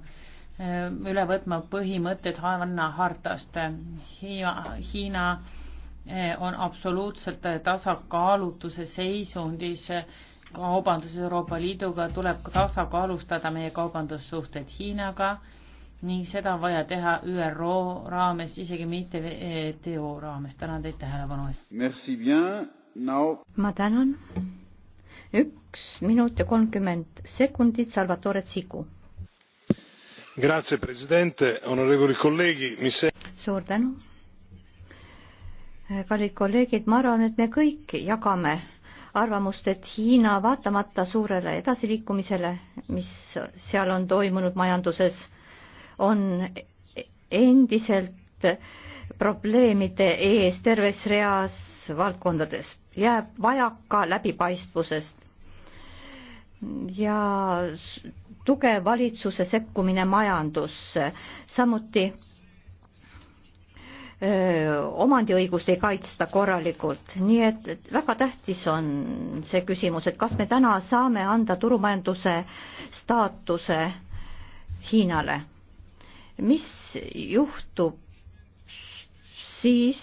üle võtma põhimõtted Havana hartast. Hiina äh, on absoluutselt tasakaalutuse seisundis kaubandus Euroopa Liiduga tuleb tasakaalustada meie kaubandussuhted Hiinaga ning seda on vaja teha ÜRO raames, isegi mitte WTO raames. tänan teid tähelepanu eest. Now... ma tänan. üks minut ja kolmkümmend sekundit, Salvatore Tsiku. Grazie presidente, onorevoli colleghi, mis see suur tänu. kallid kolleegid, ma arvan, et me kõik jagame arvamust, et Hiina vaatamata suurele edasiliikumisele, mis seal on toimunud majanduses, on endiselt äh, probleemide ees terves reas valdkondades, jääb vajaka läbipaistvusest ja tugev valitsuse sekkumine majandusse, samuti omandiõigust ei kaitsta korralikult, nii et, et väga tähtis on see küsimus, et kas me täna saame anda turumajanduse staatuse Hiinale. mis juhtub siis,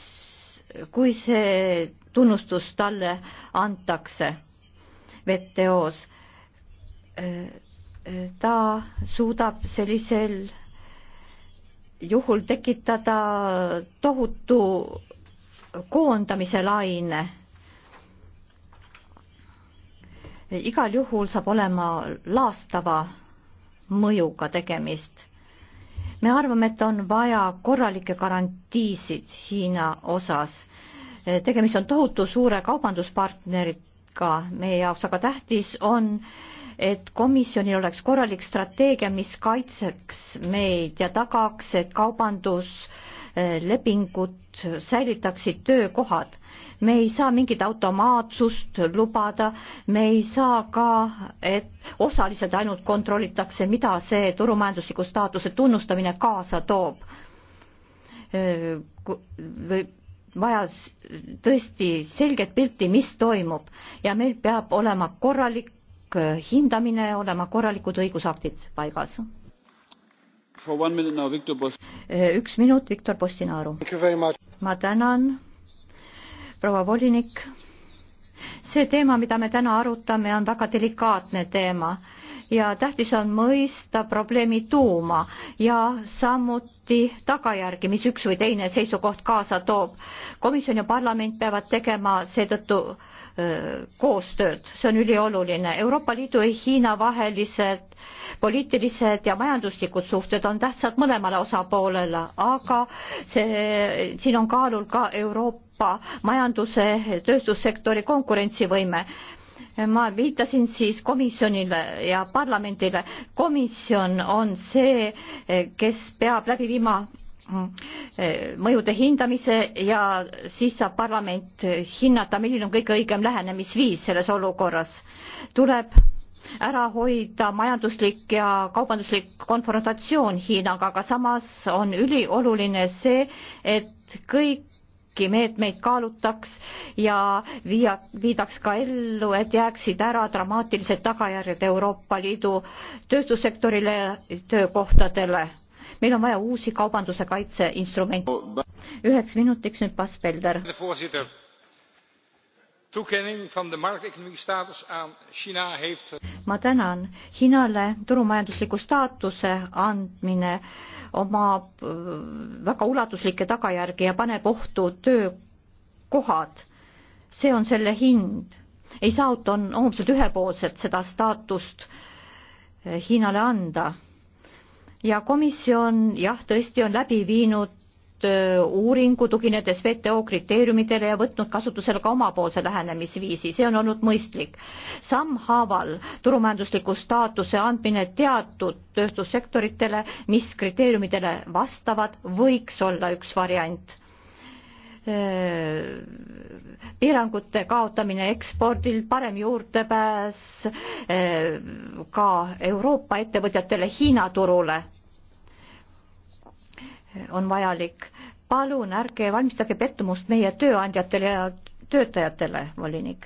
kui see tunnustus talle antakse WTO-s, äh, äh, ta suudab sellisel juhul tekitada tohutu koondamise laine. igal juhul saab olema laastava mõjuga tegemist me arvame, et on vaja korralikke garantiisid Hiina osas. tegemist on tohutu suure kaubanduspartneriga meie jaoks, aga tähtis on, et komisjonil oleks korralik strateegia, mis kaitseks meid ja tagaks, et kaubandus äh, lepingud säilitaksid töökohad. me ei saa mingit automaatsust lubada, me ei saa ka, et osaliselt ainult kontrollitakse, mida see turumajandusliku staatuse tunnustamine kaasa toob. võib vaja tõesti selget pilti, mis toimub ja meil peab olema korralik hindamine, olema korralikud õigusaktid paigas Eh, üks minut, Viktor Postinaru. ma tänan, proua volinik. see teema, mida me täna arutame, on väga delikaatne teema ja tähtis on mõista probleemi tuuma ja samuti tagajärgi, mis üks või teine seisukoht kaasa toob. komisjon ja parlament peavad tegema seetõttu koostööd, see on ülioluline. Euroopa Liidu ja Hiina vahelised poliitilised ja majanduslikud suhted on tähtsad mõlemale osapoolele, aga see, siin on kaalul ka Euroopa majanduse, tööstussektori konkurentsivõime ma viitasin siis komisjonile ja parlamendile. komisjon on see, kes peab läbi viima Mm. mõjude hindamise ja siis saab parlament hinnata, milline on kõige õigem lähenemisviis selles olukorras. tuleb ära hoida majanduslik ja kaubanduslik konfrontatsioon Hiinaga, aga samas on ülioluline see, et kõiki meetmeid kaalutaks ja viia, viidaks ka ellu, et jääksid ära dramaatilised tagajärjed Euroopa Liidu tööstussektorile, töökohtadele meil on vaja uusi kaubanduse kaitseinstrumente. üheks minutiks nüüd Bas Belder. toekenning van de markteconomie staatus aan China heeft ma tänan. Hiinale turumajandusliku staatuse andmine omab äh, väga ulatuslikke tagajärgi ja paneb ohtu töökohad. see on selle hind. ei saa autonoomselt ühepoolselt seda staatust äh, Hiinale anda ja komisjon jah, tõesti on läbi viinud äh, uuringu, tuginedes WTO kriteeriumidele ja võtnud kasutusele ka omapoolse lähenemisviisi, see on olnud mõistlik. sammhaaval turumajandusliku staatuse andmine teatud tööstussektoritele, mis kriteeriumidele vastavad, võiks olla üks variant Äh, piirangute kaotamine ekspordil, parem juurdepääs äh, ka Euroopa ettevõtjatele Hiina turule on vajalik. palun ärge valmistage pettumust meie tööandjatele ja töötajatele, volinik.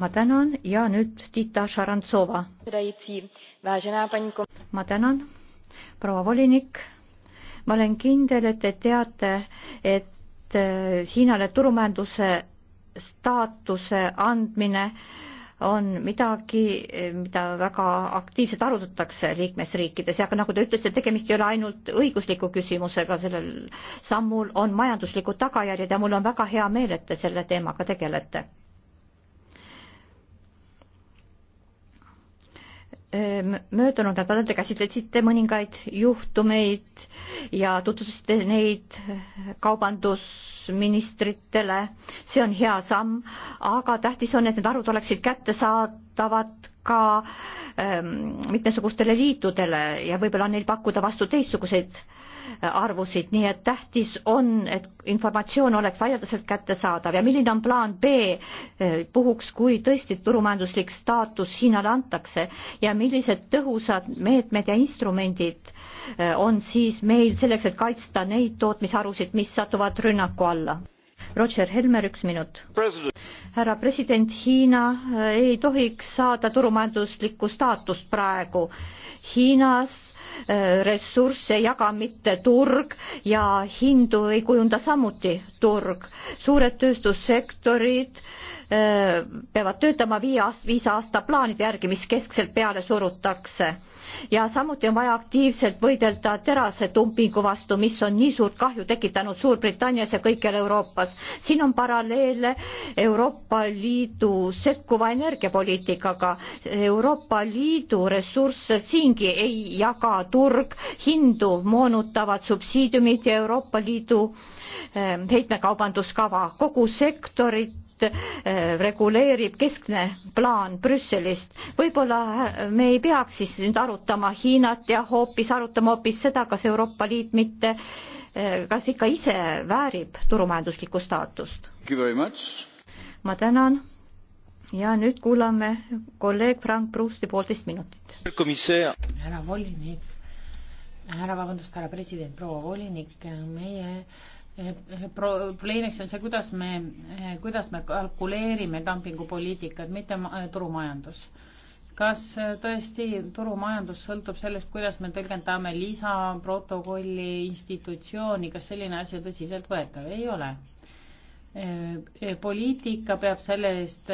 ma tänan ja nüüd Dita Šarantsova. ma tänan, proua volinik ma olen kindel, et te teate, et äh, Hiinale turumajanduse staatuse andmine on midagi, äh, mida väga aktiivselt arutatakse liikmesriikides ja ka nagu te ütlesite, tegemist ei ole ainult õigusliku küsimusega, sellel sammul on majanduslikud tagajärjed ja mul on väga hea meel, et te selle teemaga tegelete möödunud nädalal te käsitlesite mõningaid juhtumeid ja tutvustasite neid kaubandusministritele. see on hea samm, aga tähtis on, et need arvud oleksid kättesaadavad ka ähm, mitmesugustele liitudele ja võib-olla on neil pakkuda vastu teistsuguseid äh, arvusid, nii et tähtis on, et informatsioon oleks laialdaselt kättesaadav ja milline on plaan B eh, puhuks, kui tõesti turumajanduslik staatus Hiinale antakse ja millised tõhusad meetmed ja instrumendid eh, on siis meil selleks, et kaitsta neid tootmisharusid, mis satuvad rünnaku alla? Roger Helmer, üks minut. härra president, Hiina eh, ei tohiks saada turumajanduslikku staatust praegu. Hiinas ressursse ei jaga mitte turg ja hindu ei kujunda samuti turg. suured tööstussektorid äh, peavad töötama viie aast-, viis aasta plaanide järgi, mis keskselt peale surutakse. ja samuti on vaja aktiivselt võidelda terasetumpingu vastu, mis on nii suurt kahju tekitanud Suurbritannias ja kõikjal Euroopas. siin on paralleele Euroopa Liidu sekkuva energiapoliitikaga. Euroopa Liidu ressursse siingi ei jaga turg, hindu moonutavad subsiidiumid ja Euroopa Liidu eh, heitmekaubanduskava, kogu sektorit meid eh, reguleerib keskne plaan Brüsselist. võib-olla eh, me ei peaks siis nüüd arutama Hiinat ja hoopis arutama hoopis seda, kas Euroopa Liit mitte, eh, kas ikka ise väärib turumajanduslikku staatust. ma tänan ja nüüd kuulame kolleeg Frank Pruusti poolteist minutit. härra volinik, härra, vabandust, härra president, proua volinik, meie Eh, probleemiks on see, kuidas me, eh, kuidas me kalkuleerime dumpingupoliitikat, mitte eh, turumajandus. kas tõesti turumajandus sõltub sellest, kuidas me tõlgendame lisaprotokolli institutsiooni, kas selline asi on tõsiseltvõetav? ei ole. poliitika peab selle eest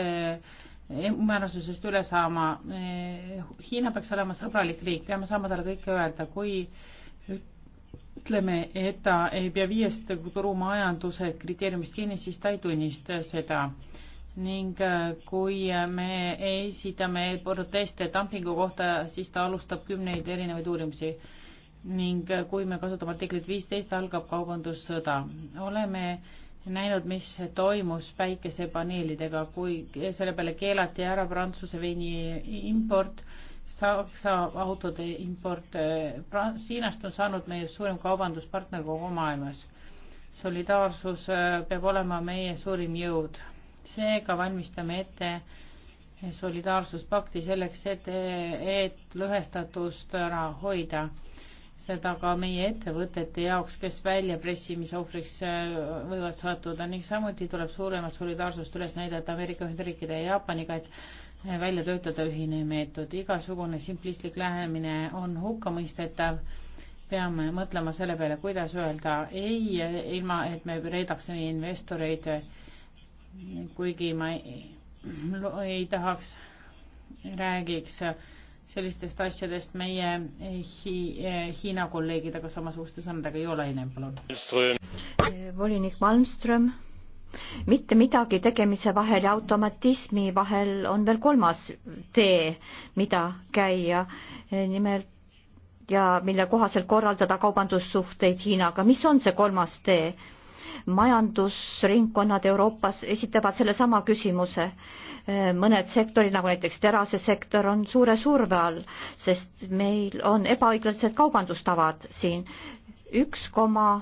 määrasusest üle saama. Hiina peaks olema sõbralik riik, peame saama talle kõike öelda, kui ütleme, et ta ei pea viiest turumajanduse kriteeriumist kinni, siis ta ei tunnista seda. ning äh, kui me esitame proteste dumpingu kohta, siis ta alustab kümneid erinevaid uurimisi. ning äh, kui me kasutame artiklit viisteist, algab kaubandussõda. oleme näinud, mis toimus päikesepaneelidega, kui selle peale keelati ära Prantsuse veini import Saksa autode import eh, Hiinast on saanud meie suurim kaubanduspartner kogu maailmas. solidaarsus eh, peab olema meie suurim jõud. seega valmistame ette solidaarsuspakti selleks, et, et lõhestatust ära hoida. seda ka meie ettevõtete jaoks, kes väljapressimise ohvriks eh, võivad sattuda ning samuti tuleb suuremat solidaarsust üles näidata Ameerika Ühendriikide ja Jaapaniga, et välja töötada ühine meetod. igasugune simplistlik lähenemine on hukkamõistetav. peame mõtlema selle peale, kuidas öelda ei, ilma et me reedaks meie investoreid. kuigi ma ei, ei tahaks, räägiks sellistest asjadest meie hi, Hiina kolleegidega samasuguste sõnadega ei ole, Ene, palun. volinik Malmström mitte midagi tegemise vahel ja automatismi vahel on veel kolmas tee, mida käia. nimelt ja mille kohaselt korraldada kaubandussuhteid Hiinaga. mis on see kolmas tee? majandusringkonnad Euroopas esitavad sellesama küsimuse. mõned sektorid, nagu näiteks terasesektor, on suure surve all, sest meil on ebaõiglased kaubandustavad siin. üks koma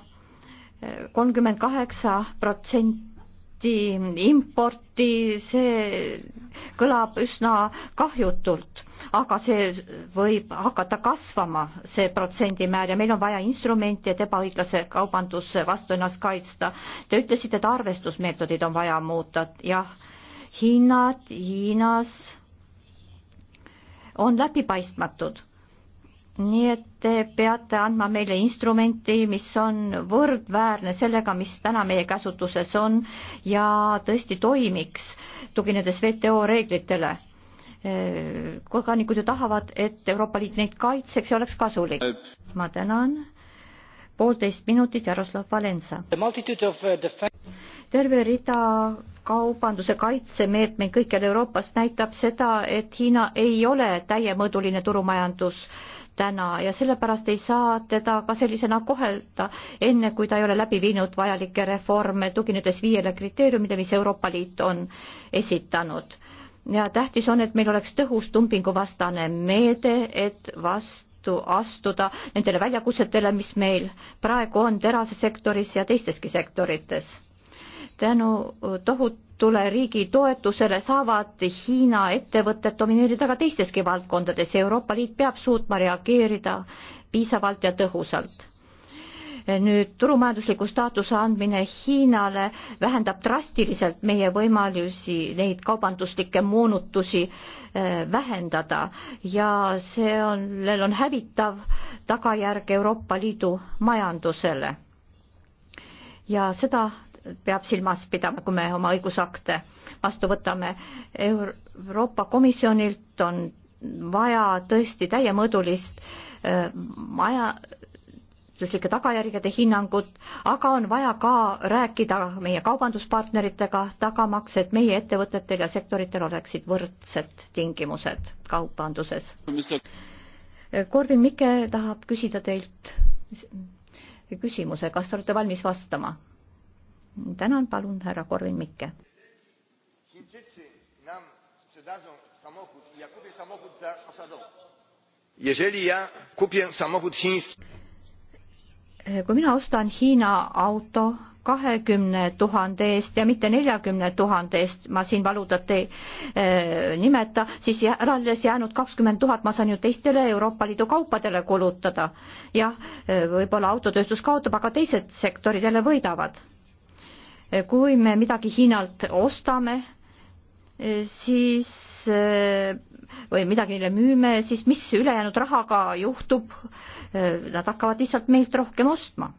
kolmkümmend kaheksa protsenti eksporti, importi, see kõlab üsna kahjutult, aga see võib hakata kasvama, see protsendimäär ja meil on vaja instrumenti, et ebaõiglase kaubanduse vastu ennast kaitsta. Te ütlesite, et arvestusmeetodid on vaja muuta, jah, hinnad Hiinas on läbipaistmatud nii et te peate andma meile instrumenti, mis on võrdväärne sellega, mis täna meie käsutuses on ja tõesti toimiks, tuginedes WTO reeglitele. kodanikud ju tahavad, et Euroopa Liit neid kaitseks ja oleks kasulik. ma tänan. poolteist minutit, Jaroslav Valensa. Uh, terve rida kaubanduse kaitsemeetmeid kõikjal Euroopas näitab seda, et Hiina ei ole täiemõõduline turumajandus täna ja sellepärast ei saa teda ka sellisena kohelda, enne kui ta ei ole läbi viinud vajalikke reforme, tuginedes viiele kriteeriumile, mis Euroopa Liit on esitanud. ja tähtis on, et meil oleks tõhus dumpinguvastane meede, et vastu astuda nendele väljakutsetele, mis meil praegu on terasesektoris ja teisteski sektorites tänu tohutule riigi toetusele saavad Hiina ettevõtted domineerida ka teisteski valdkondades ja Euroopa Liit peab suutma reageerida piisavalt ja tõhusalt. nüüd turumajandusliku staatuse andmine Hiinale vähendab drastiliselt meie võimalusi neid kaubanduslikke moonutusi äh, vähendada ja sellel on hävitav tagajärg Euroopa Liidu majandusele ja seda peab silmas pidama, kui me oma õigusakte vastu võtame. Euroopa Komisjonilt on vaja tõesti täiemõõdulist äh, majanduslike tagajärgede hinnangut, aga on vaja ka rääkida meie kaubanduspartneritega, tagamaks, et meie ettevõtetel ja sektoritel oleksid võrdsed tingimused kaubanduses. Korvin Mikke tahab küsida teilt küsimuse, kas te olete valmis vastama? tänan, palun, härra Korvin Mikke. kui mina ostan Hiina auto kahekümne tuhande eest ja mitte neljakümne tuhande eest, ma siin valudat ei äh, nimeta, siis alles jäänud kakskümmend tuhat ma saan ju teistele Euroopa Liidu kaupadele kulutada. jah, eh, võib-olla autotööstus kaotab, aga teised sektorid jälle võidavad kui me midagi Hiinalt ostame, siis või midagi neile müüme, siis mis ülejäänud rahaga juhtub, nad hakkavad lihtsalt meilt rohkem ostma.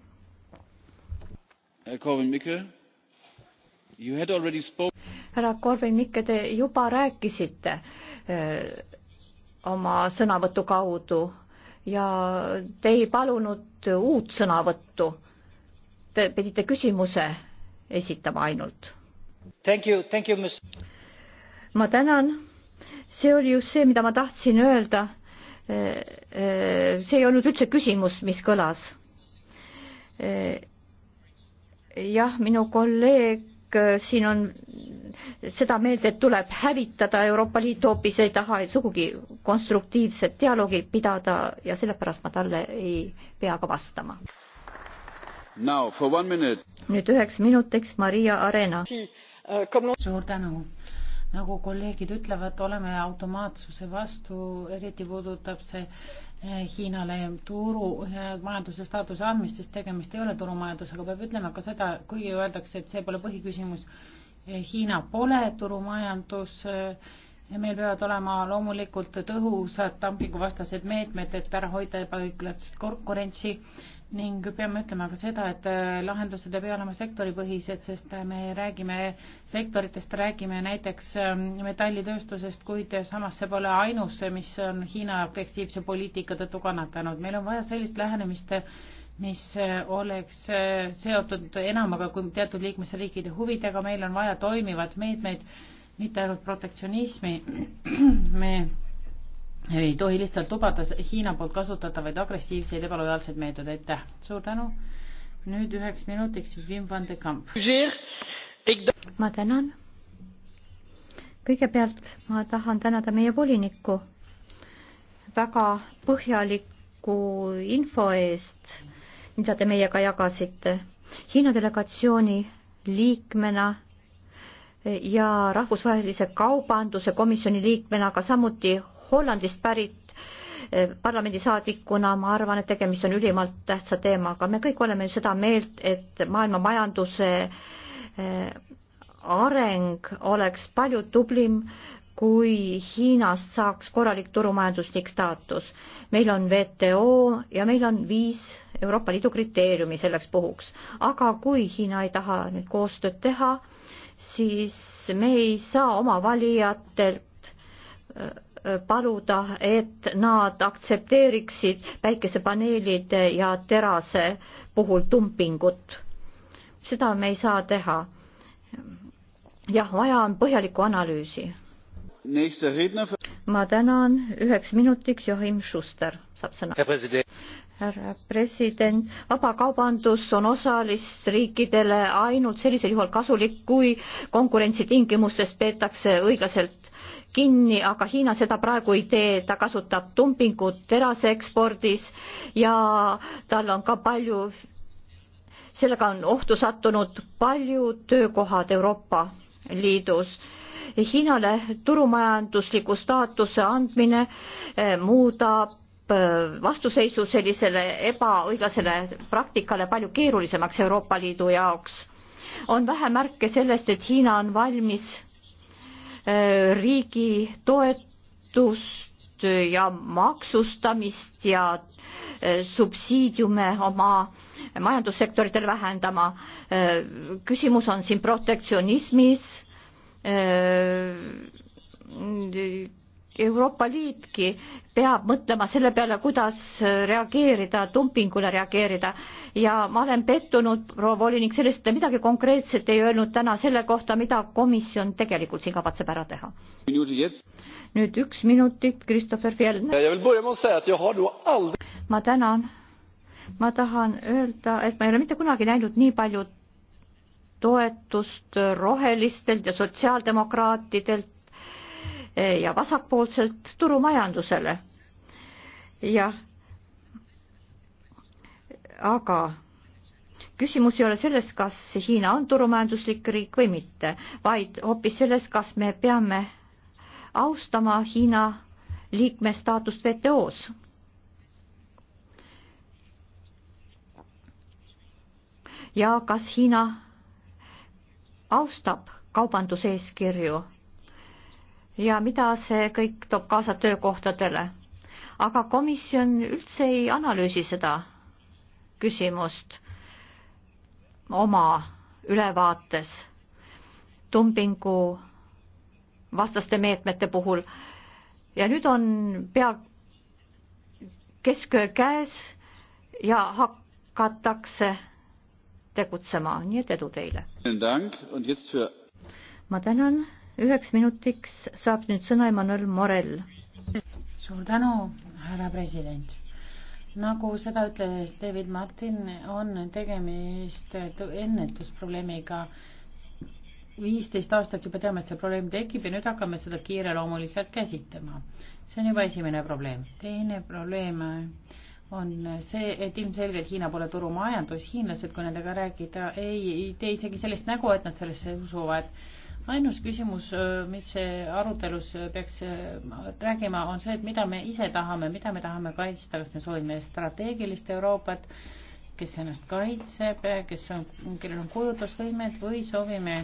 härra Korvin Mikke, te juba rääkisite äh, oma sõnavõtu kaudu ja te ei palunud uut sõnavõttu. Te pidite küsimuse esitama ainult. ma tänan, see oli just see, mida ma tahtsin öelda. Äh, äh, see ei olnud üldse küsimus, mis kõlas. Äh, jah, minu kolleeg siin on seda meelt, et tuleb hävitada Euroopa Liit hoopis ei taha sugugi konstruktiivset dialoogi pidada ja sellepärast ma talle ei pea ka vastama nüüd üheks minutiks Maria Arena. Eh, suur tänu. nagu kolleegid ütlevad, oleme automaatsuse vastu, eriti puudutab see eh, Hiinale turu eh, majanduse staatuse andmist, sest tegemist ei ole turumajandusega, peab ütlema ka seda, kuigi öeldakse, et see pole põhiküsimus. Hiina pole turumajandus ja meil peavad olema loomulikult tõhusad dumpinguvastased meetmed, et ära hoida ebaõiglast konkurentsi ning peame ütlema ka seda, et äh, lahendused ei pea olema sektoripõhised, sest äh, me räägime sektoritest, räägime näiteks ähm, metallitööstusest, kuid samas see pole ainus, mis on Hiina agressiivse poliitika tõttu kannatanud. meil on vaja sellist lähenemist, mis äh, oleks seotud enamaga kui teatud liikmesriikide huvidega, meil on vaja toimivat meetmeid, mitte ainult protektsionismi. me ei tohi lihtsalt lubada Hiina poolt kasutatavaid agressiivseid ebalojaalseid meetodeid. aitäh, suur tänu. nüüd üheks minutiks Wim van de Kamp. ma tänan. kõigepealt ma tahan tänada meie volinikku väga põhjaliku info eest, mida te meiega jagasite. Hiina delegatsiooni liikmena ja rahvusvahelise kaubanduse komisjoni liikmena, aga samuti Hollandist pärit eh, parlamendisaadikuna ma arvan, et tegemist on ülimalt tähtsa teemaga. me kõik oleme ju seda meelt, et maailma majanduse eh, areng oleks palju tublim, kui Hiinast saaks korralik turumajanduslik staatus. meil on WTO ja meil on viis Euroopa Liidu kriteeriumi selleks puhuks. aga kui Hiina ei taha nüüd koostööd teha, siis me ei saa oma valijatelt eh, paluda, et nad aktsepteeriksid päikesepaneelide ja terase puhul dumpingut. seda me ei saa teha. jah, vaja on põhjalikku analüüsi. ma tänan, üheks minutiks Joachim Schuster saab sõna härra president, vabakaubandus on osalisriikidele ainult sellisel juhul kasulik, kui konkurentsitingimustest peetakse õiglaselt kinni, aga Hiina seda praegu ei tee, ta kasutab dumpingut terase ekspordis ja tal on ka palju, sellega on ohtu sattunud paljud töökohad Euroopa Liidus. Hiinale turumajandusliku staatuse andmine eh, muudab eh, vastuseisu sellisele ebaõiglasele praktikale palju keerulisemaks Euroopa Liidu jaoks. on vähe märke sellest, et Hiina on valmis riigi toetust ja maksustamist ja äh, subsiidiume oma majandussektoritel vähendama. Äh, küsimus on siin protektsionismis äh, Euroopa Liitki peab mõtlema selle peale, kuidas reageerida, dumpingule reageerida ja ma olen pettunud, proua volinik, sellest te midagi konkreetset ei öelnud täna selle kohta, mida komisjon tegelikult siin kavatseb ära teha. nüüd üks minutit, Christopher Fjellner. ma tänan. ma tahan öelda, et ma ei ole mitte kunagi näinud nii palju toetust rohelistelt ja sotsiaaldemokraatidelt ja vasakpoolselt turumajandusele. jah. aga küsimus ei ole selles, kas Hiina on turumajanduslik riik või mitte, vaid hoopis selles, kas me peame austama Hiina liikme staatust WTO-s. ja kas Hiina austab kaubanduseeskirju ja mida see kõik toob kaasa töökohtadele. aga komisjon üldse ei analüüsi seda küsimust oma ülevaates dumpingu vastaste meetmete puhul. ja nüüd on pea kesköö käes ja hakatakse tegutsema, nii et edu teile! ma tänan üheks minutiks saab nüüd sõna Emmanuel Morel. suur tänu, härra president. nagu seda ütles David Martin, on tegemist ennetusprobleemiga. viisteist aastat juba teame, et see probleem tekib ja nüüd hakkame seda kiireloomuliselt käsitlema. see on juba esimene probleem. teine probleem on see, et ilmselgelt Hiina pole turumajandus, hiinlased, kui nendega rääkida, ei, ei tee isegi sellist nägu, et nad sellesse usuvad ainus küsimus, äh, mis arutelus äh, peaks äh, räägima, on see, et mida me ise tahame, mida me tahame kaitsta, kas me soovime strateegilist Euroopat, kes ennast kaitseb, kes on, kellel on kujutlusvõimed või soovime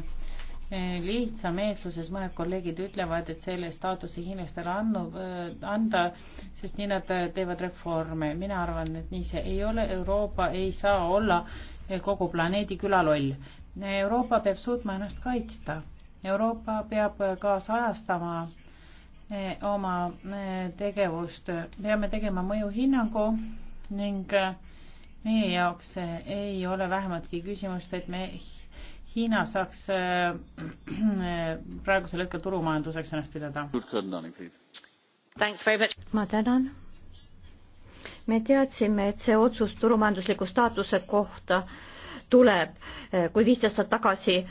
lihtsameelsuses, mõned kolleegid ütlevad, et selle staatuse hiinlastele annub, anda, sest nii nad teevad reforme. mina arvan, et nii see ei ole, Euroopa ei saa olla kogu planeedi külaloll. Euroopa peab suutma ennast kaitsta Euroopa peab kaasajastama eh, oma eh, tegevust, peame tegema mõjuhinnangu ning eh, meie jaoks ei ole vähematki küsimust, et me Hiina saaks praegusel hetkel turumajanduseks ennast pidada. ma tänan. me teadsime, et see otsus turumajandusliku staatuse kohta tuleb, kui viis aastat tagasi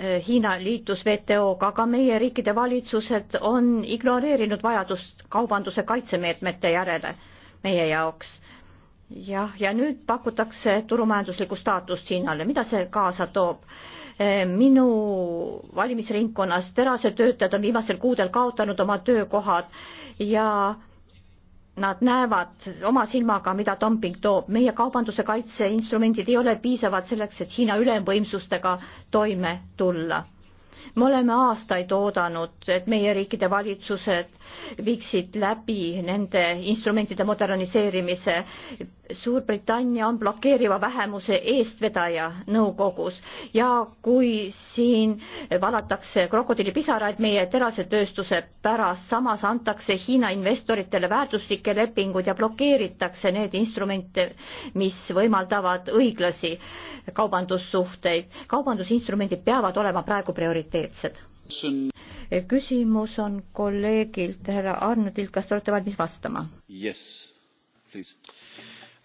Hiina liitus WTO-ga, aga meie riikide valitsused on ignoreerinud vajadust kaubanduse kaitsemeetmete järele meie jaoks. jah, ja nüüd pakutakse turumajanduslikku staatust Hiinale, mida see kaasa toob? minu valimisringkonnas terasetöötajad on viimastel kuudel kaotanud oma töökohad ja nad näevad oma silmaga, mida dumping toob. meie kaubanduse kaitseinstrumendid ei ole piisavad selleks, et Hiina ülemvõimsustega toime tulla. me oleme aastaid oodanud, et meie riikide valitsused viiksid läbi nende instrumentide moderniseerimise Suurbritannia on blokeeriva vähemuse eestvedaja nõukogus ja kui siin valatakse krokodillipisaraid meie terasetööstuse pärast, samas antakse Hiina investoritele väärtuslikke lepinguid ja blokeeritakse need instrumente, mis võimaldavad õiglasi kaubandussuhteid. kaubandusinstrumendid peavad olema praegu prioriteetsed. küsimus on kolleegilt härra Arnoldilt, kas te olete valmis vastama? Yes, please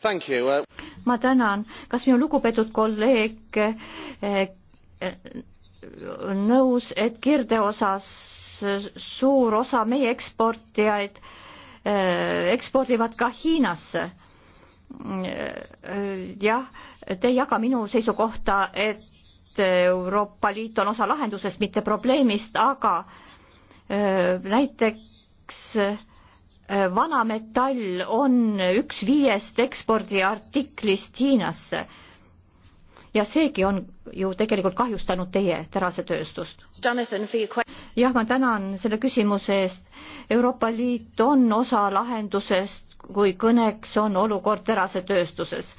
Uh, ma tänan, kas minu lugupeetud kolleeg eh, nõus, et kirde osas suur osa meie eksportijaid eh, ekspordivad ka Hiinasse? Eh, jah, te ei jaga minu seisukohta, et Euroopa Liit on osa lahendusest, mitte probleemist, aga näiteks Äh, vanametall on üks viiest ekspordiartiklist Hiinasse. ja seegi on ju tegelikult kahjustanud teie terasetööstust. jah, ma tänan selle küsimuse eest. Euroopa Liit on osa lahendusest, kui kõneks on olukord terasetööstuses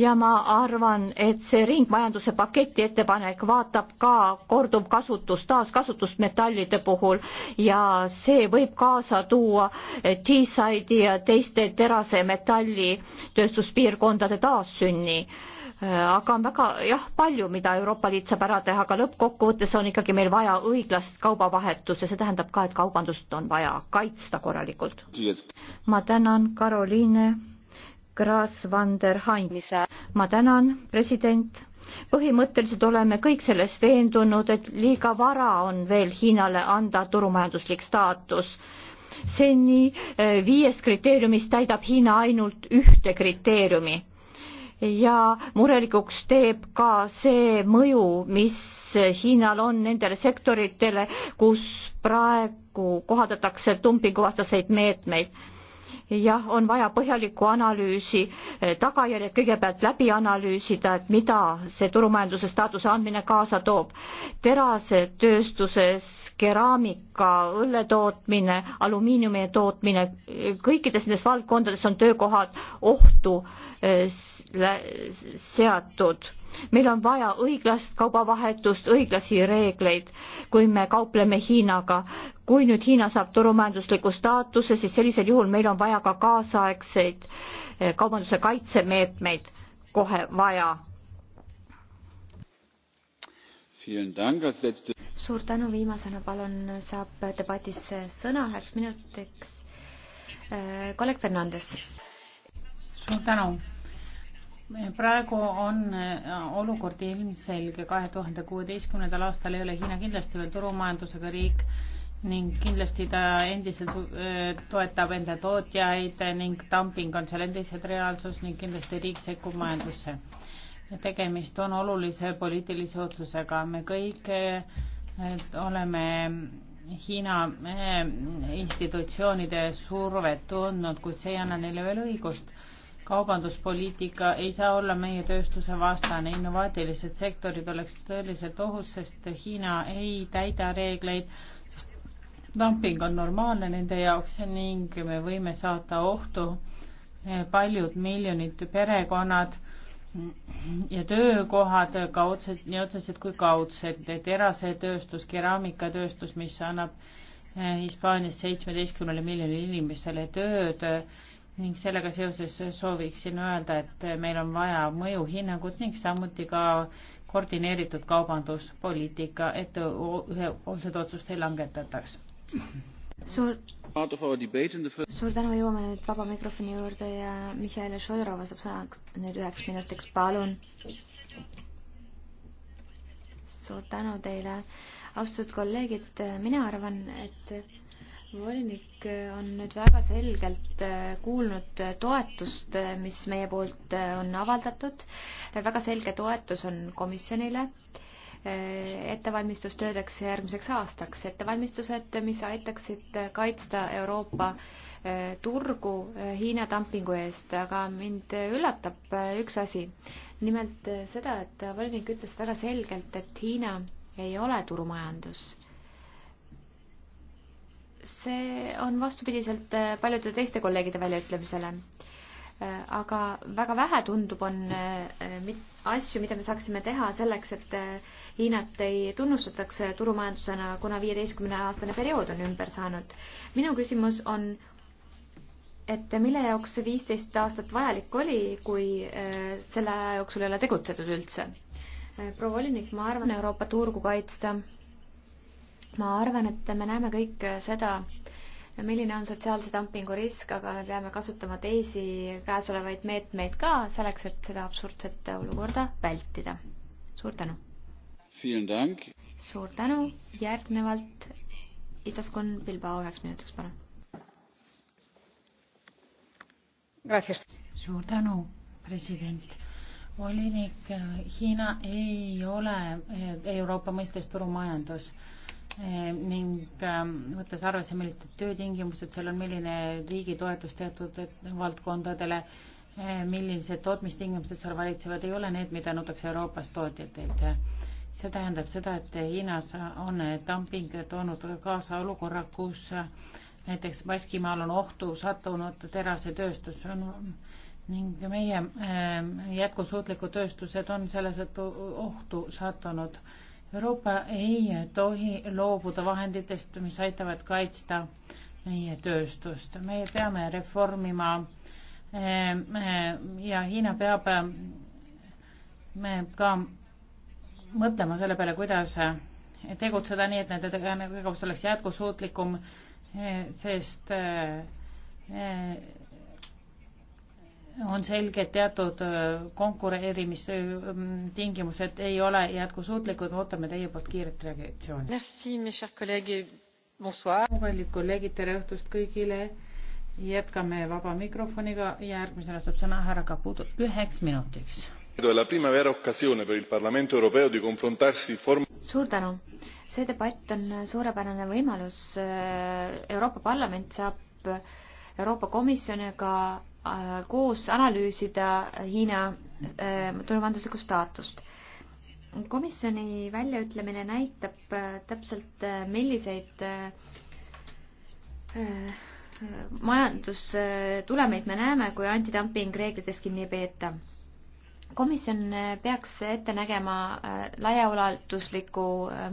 ja ma arvan, et see ringmajanduse paketi ettepanek vaatab ka korduvkasutust, taaskasutust metallide puhul ja see võib kaasa tuua T-Side'i ja teiste terase metalli tööstuspiirkondade taassünni aga on väga jah, palju, mida Euroopa Liit saab ära teha, aga lõppkokkuvõttes on ikkagi meil vaja õiglast kaubavahetust ja see tähendab ka, et kaubandust on vaja kaitsta korralikult. ma tänan, Karoliine Graas van der Heinz. ma tänan, president. põhimõtteliselt oleme kõik selles veendunud, et liiga vara on veel Hiinale anda turumajanduslik staatus seni eh, viies kriteeriumis täidab Hiina ainult ühte kriteeriumi ja murelikuks teeb ka see mõju, mis Hiinal on nendele sektoritele, kus praegu kohaldatakse dumpinguvastaseid meetmeid jah, on vaja põhjalikku analüüsi, eh, tagajärjed kõigepealt läbi analüüsida, et mida see turumajanduse staatuse andmine kaasa toob. terasetööstuses keraamika, õlletootmine, alumiiniumi tootmine, eh, kõikides nendes valdkondades on töökohad ohtu eh, seatud meil on vaja õiglast kaubavahetust, õiglasi reegleid, kui me kaupleme Hiinaga. kui nüüd Hiina saab turumajandusliku staatuse, siis sellisel juhul meil on vaja ka kaasaegseid eh, kaubanduse kaitsemeetmeid kohe vaja. suur tänu, viimasena palun, saab debatis eh, sõna üheks minutiks eh, kolleeg Fernandes. suur tänu praegu on äh, olukord ilmselge, kahe tuhande kuueteistkümnendal aastal ei ole Hiina kindlasti veel turumajandusega riik ning kindlasti ta endiselt äh, toetab enda tootjaid ning dumping on seal endiselt reaalsus ning kindlasti riik sekkub majandusse. tegemist on olulise poliitilise otsusega, me kõik äh, oleme Hiina institutsioonide survet tundnud, kuid see ei anna neile veel õigust kaubanduspoliitika ei saa olla meie tööstuse vastane, innovaatilised sektorid oleks tõeliselt ohus, sest Hiina ei täida reegleid, sest dumping on normaalne nende jaoks ning me võime saata ohtu eh, paljud miljonid perekonnad ja töökohad kaudsed, nii otsesed kui kaudsed, et erasetööstus, keraamikatööstus, mis annab eh, Hispaanias seitsmeteistkümnele miljonile inimesele tööd, ning sellega seoses sooviksin öelda, et meil on vaja mõjuhinnangut ning samuti ka koordineeritud kaubanduspoliitika, et ühepoolsed otsust ei langetataks. suur, suur tänu, jõuame nüüd vaba mikrofoni juurde ja Mihhail Šoirova saab sõna nüüd üheks minutiks, palun. suur tänu teile, austatud kolleegid, mina arvan, et volinik on nüüd väga selgelt äh, kuulnud äh, toetust, äh, mis meie poolt on avaldatud. väga selge toetus on komisjonile ettevalmistustöödeks järgmiseks aastaks. ettevalmistused, mis aitaksid kaitsta Euroopa turgu Hiina dumpingu eest, aga mind üllatab üks asi. nimelt seda, et volinik ütles väga selgelt, et Hiina ei ole turumajandus see on vastupidiselt äh, paljude teiste kolleegide väljaütlemisele. Äh, aga väga vähe tundub, on äh, asju, mida me saaksime teha selleks, et Hiinat ei tunnustataks turumajandusena, kuna viieteistkümne aastane periood on ümber saanud. minu küsimus on, et mille jaoks see viisteist aastat vajalik oli, kui selle aja jooksul ei ole tegutsetud üldse? proua volinik, ma arvan, Euroopa turgu kaitsta ma arvan, et me näeme kõik seda, milline on sotsiaalse dumpingu risk, aga me peame kasutama teisi käesolevaid meetmeid ka selleks, et seda absurdset olukorda vältida. suur tänu! suur tänu, järgnevalt Istaskon Bilbao üheks minutiks, palun. suur tänu, president volinik, Hiina ei ole Euroopa mõistes turumajandus Eh, ning ähm, võttes arvesse, millised töötingimused seal on, milline riigi toetus teatud valdkondadele, eh, millised tootmistingimused seal valitsevad, ei ole need, mida nõutakse Euroopas tootjatelt. see tähendab seda, et Hiinas on dumping toonud kaasa olukorra, kus äh, näiteks Baskimaal on ohtu sattunud terasetööstus ning meie äh, jätkusuutlikud tööstused on selle tõttu ohtu sattunud Euroopa ei tohi loobuda vahenditest, mis aitavad kaitsta meie tööstust. meie peame reformima eh, eh, ja Hiina peab eh, ka mõtlema selle peale, kuidas tegutseda nii, et nende tegevus oleks jätkusuutlikum, sest on selge, et teatud äh, konkureerimistingimused mm, ei ole jätkusuutlikud, ootame teie poolt kiiret reageeritsiooni. kallid kolleegid, tere õhtust kõigile. jätkame vaba mikrofoniga, järgmisena saab sõna härra Caputo üheks minutiks. suur tänu. see debatt on suurepärane võimalus, Euroopa Parlament saab Euroopa Komisjoniga Äh, koos analüüsida Hiina äh, turvanduslikku staatust. komisjoni väljaütlemine näitab äh, täpselt, milliseid majandustulemeid me näeme, kui antidumping reeglitest kinni ei peeta. komisjon peaks ette nägema laiaulatuslikku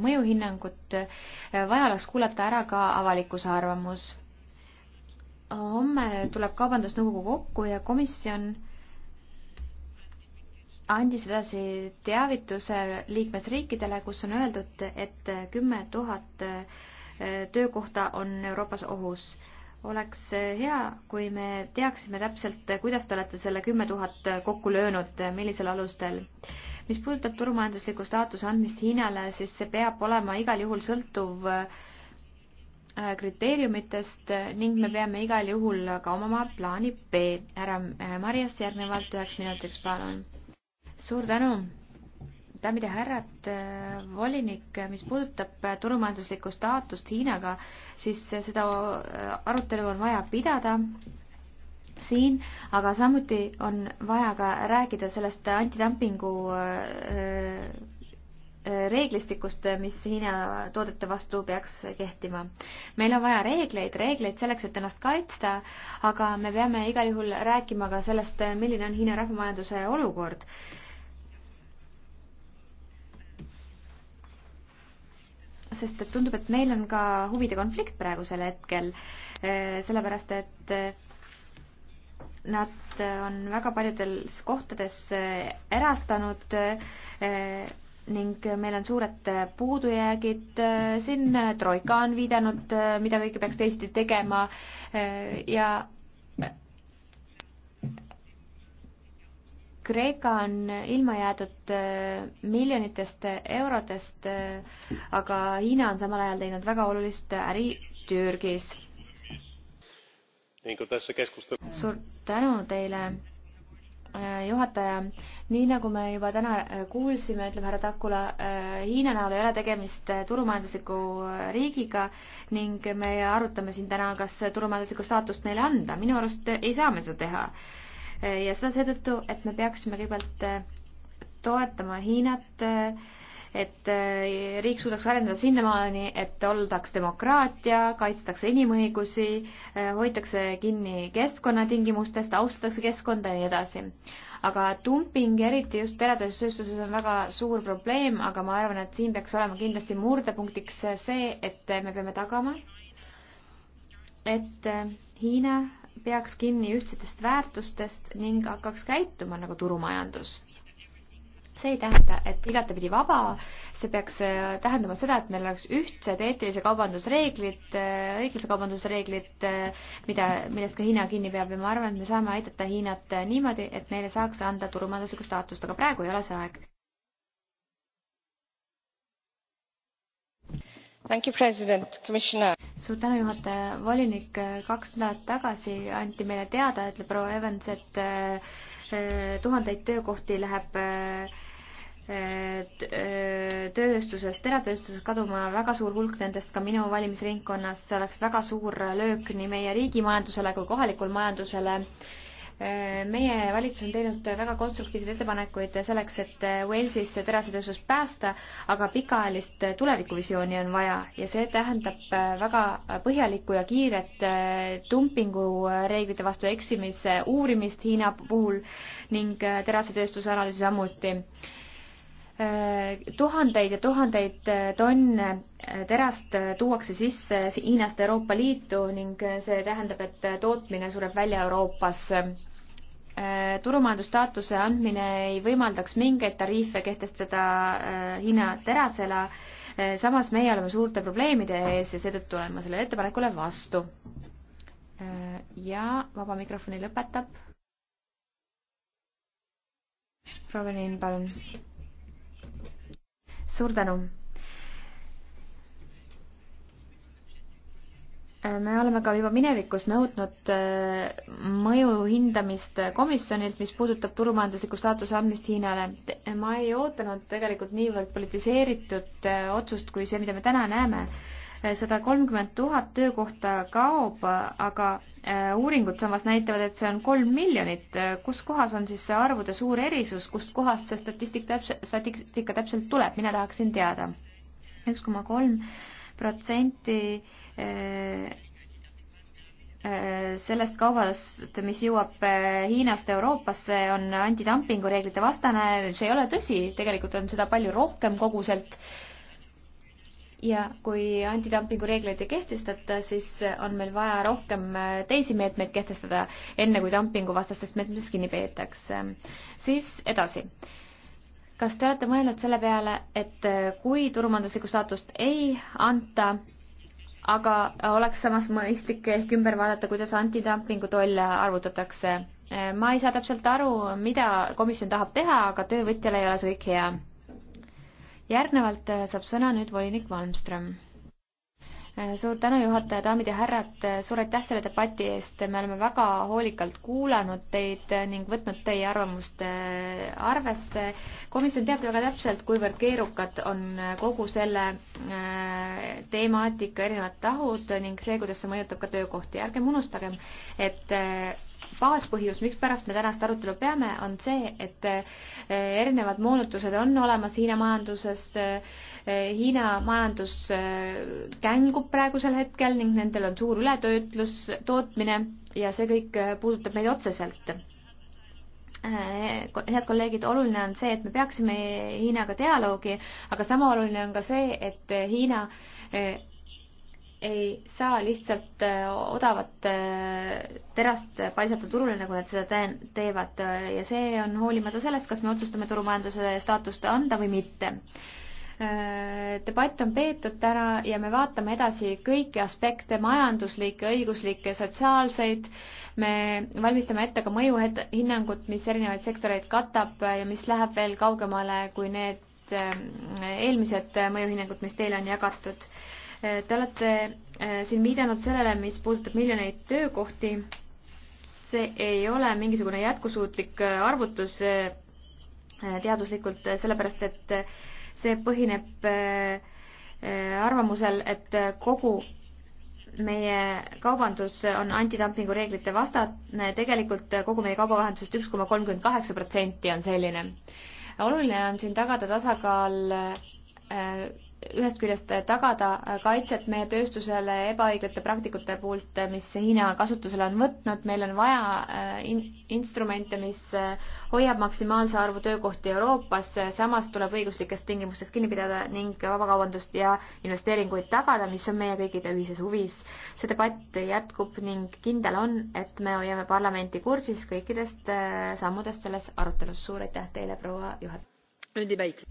mõjuhinnangut, vaja oleks kuulata ära ka avalikkuse arvamus homme tuleb Kaubandusnõukogu kokku ja komisjon andis edasi teavituse liikmesriikidele, kus on öeldud, et kümme tuhat äh, töökohta on Euroopas ohus. oleks hea, kui me teaksime täpselt, kuidas te olete selle kümme tuhat äh, kokku löönud, äh, millisel alustel. mis puudutab turumajandusliku staatuse andmist Hiinale, siis see peab olema igal juhul sõltuv äh, Äh, kriteeriumitest ning me peame igal juhul ka omama plaani B. härra äh, Marjas järgnevalt üheks minutiks, palun. suur tänu daamid ja härrad, äh, volinik, mis puudutab turumajanduslikku staatust Hiinaga, siis seda arutelu on vaja pidada siin, aga samuti on vaja ka rääkida sellest antidumpingu reeglistikust, mis Hiina toodete vastu peaks kehtima. meil on vaja reegleid, reegleid selleks, et ennast kaitsta, aga me peame igal juhul rääkima ka sellest, milline on Hiina rahvamajanduse olukord. sest et tundub, et meil on ka huvide konflikt praegusel hetkel, sellepärast et nad on väga paljudes kohtades erastanud ning meil on suured puudujäägid, siin Troika on viidanud, mida kõike peaks teisiti tegema ja Kreeka on ilma jäetud miljonitest eurodest, aga Hiina on samal ajal teinud väga olulist äri Türgis. suur tänu teile Äh, juhataja, nii nagu me juba täna äh, kuulsime, ütleb härra Takula, äh, Hiina näol ei ole tegemist turumajandusliku riigiga ning me arutame siin täna, kas turumajanduslikku staatust neile anda. minu arust ei saa me seda teha. ja seda seetõttu, et me peaksime kõigepealt toetama Hiinat äh, et eh, riik suudaks arendada sinnamaani, et oldaks demokraatia, kaitstakse inimõigusi, eh, hoitakse kinni keskkonnatingimustest, austatakse keskkonda ja nii edasi. aga dumping, eriti just peretööstustööstuses, on väga suur probleem, aga ma arvan, et siin peaks olema kindlasti murdepunktiks see, et me peame tagama, et eh, Hiina peaks kinni ühtsetest väärtustest ning hakkaks käituma nagu turumajandus see ei tähenda, et igatepidi vaba, see peaks äh, tähendama seda, et meil oleks ühtsed eetilise kaubandusreeglid, äh, õiglase kaubandusreeglid, äh, mida, millest ka Hiina kinni peab ja ma arvan, et me saame aidata Hiinat niimoodi, et neile saaks anda turumajanduslikku staatust, aga praegu ei ole see aeg. suur tänu, juhataja. volinik kaks nädalat tagasi anti meile teada, ütleb proua Evans, et tuhandeid töökohti läheb äh, Äh, tööstusest, teratööstusest kaduma väga suur hulk nendest ka minu valimisringkonnas, see oleks väga suur löök nii meie riigi majandusele kui kohalikul majandusele. Äh, meie valitsus on teinud väga konstruktiivseid ettepanekuid selleks, et äh, Walesis terasetööstus päästa, aga pikaajalist tulevikuvisiooni on vaja ja see tähendab väga põhjalikku ja kiiret dumpingureeglite vastu eksimise uurimist Hiina puhul ning terasetööstuse analüüsi samuti Äh, tuhandeid ja tuhandeid äh, tonne äh, terast tuuakse sisse Hiinast Euroopa Liitu ning see tähendab, et tootmine sureb välja Euroopas. turumajandusstaatuse andmine ei võimaldaks mingeid tariife kehtestada Hiina terasele. samas meie oleme suurte probleemide ees ja seetõttu olen ma sellele ettepanekule vastu. ja vaba mikrofoni lõpetab. proua Lenin, palun suur tänu. Äh, me oleme ka juba minevikus nõudnud äh, mõju hindamist äh, komisjonilt, mis puudutab turumajandusliku staatuse andmist Hiinale. ma ei ootanud tegelikult niivõrd politiseeritud otsust kui see, mida me täna näeme sada kolmkümmend tuhat töökohta kaob, aga äh, uuringud samas näitavad, et see on kolm miljonit. kus kohas on siis see arvude suur erisus, kust kohast see statistik täpselt, statistika täpselt tuleb, mina tahaksin teada. üks koma kolm protsenti äh, äh, sellest kaubast, mis jõuab Hiinast Euroopasse, on antidumpingu reeglite vastane, see ei ole tõsi, tegelikult on seda palju rohkem koguselt ja kui antidumpingu reegleid ei kehtestata, siis on meil vaja rohkem äh, teisi meetmeid kehtestada, enne kui dumpinguvastastest meetmetest kinni peetakse. siis edasi. kas te olete mõelnud selle peale, et äh, kui turumajanduslikku staatust ei anta, aga oleks samas mõistlik ehk ümber vaadata, kuidas antidumpingu tolle arvutatakse? Äh, ma ei saa täpselt aru, mida komisjon tahab teha, aga töövõtjale ei ole see kõik hea järgnevalt äh, saab sõna nüüd volinik Malmström. Äh, suur tänu, juhataja, daamid ja härrad, äh, suur aitäh selle debati eest, me oleme väga hoolikalt kuulanud teid ning võtnud teie arvamust arvesse. komisjon teab väga täpselt, kuivõrd keerukad on kogu selle temaatika erinevad tahud ning see, kuidas see mõjutab ka töökohti. ärgem unustagem, et baaspõhjus, mikspärast me tänast arutelu peame, on see, et eh, erinevad moonutused on olemas Hiina majanduses. Eh, Hiina majandus eh, kängub praegusel hetkel ning nendel on suur ületöötlus, tootmine ja see kõik puudutab meid otseselt. head kolleegid, oluline on see, et me peaksime Hiinaga dialoogi, aga sama oluline on ka see, et Hiina ei saa lihtsalt äh, odavat äh, terast paisata turule, nagu nad seda teevad ja see on hoolimata sellest, kas me otsustame turumajanduse staatust anda või mitte. Äh, debatt on peetud täna ja me vaatame edasi kõiki aspekte, majanduslikke, õiguslikke, sotsiaalseid. me valmistame ette ka mõjuhinnangut, mis erinevaid sektoreid katab ja mis läheb veel kaugemale kui need eelmised mõjuhinnangud, mis teile on jagatud Te olete äh, siin viidanud sellele, mis puudutab miljoneid töökohti. see ei ole mingisugune jätkusuutlik äh, arvutus äh, teaduslikult, sellepärast et see põhineb arvamusel, et kogu meie kaubandus on antidumpingu reeglite vastane, tegelikult kogu meie kaubavahendusest üks koma kolmkümmend kaheksa protsenti on selline. oluline on siin tagada tasakaal ühest küljest tagada kaitset meie tööstusele ebaõigete praktikute poolt, mis Hiina kasutusele on võtnud, meil on vaja äh, in instrumente, mis äh, hoiab maksimaalse arvu töökohti Euroopas, samas tuleb õiguslikest tingimustest kinni pidada ning vabakaubandust ja investeeringuid tagada, mis on meie kõikide ühises huvis. see debatt jätkub ning kindel on, et me hoiame parlamenti kursis kõikidest äh, sammudest selles arutelus. suur aitäh teile, proua juhataja!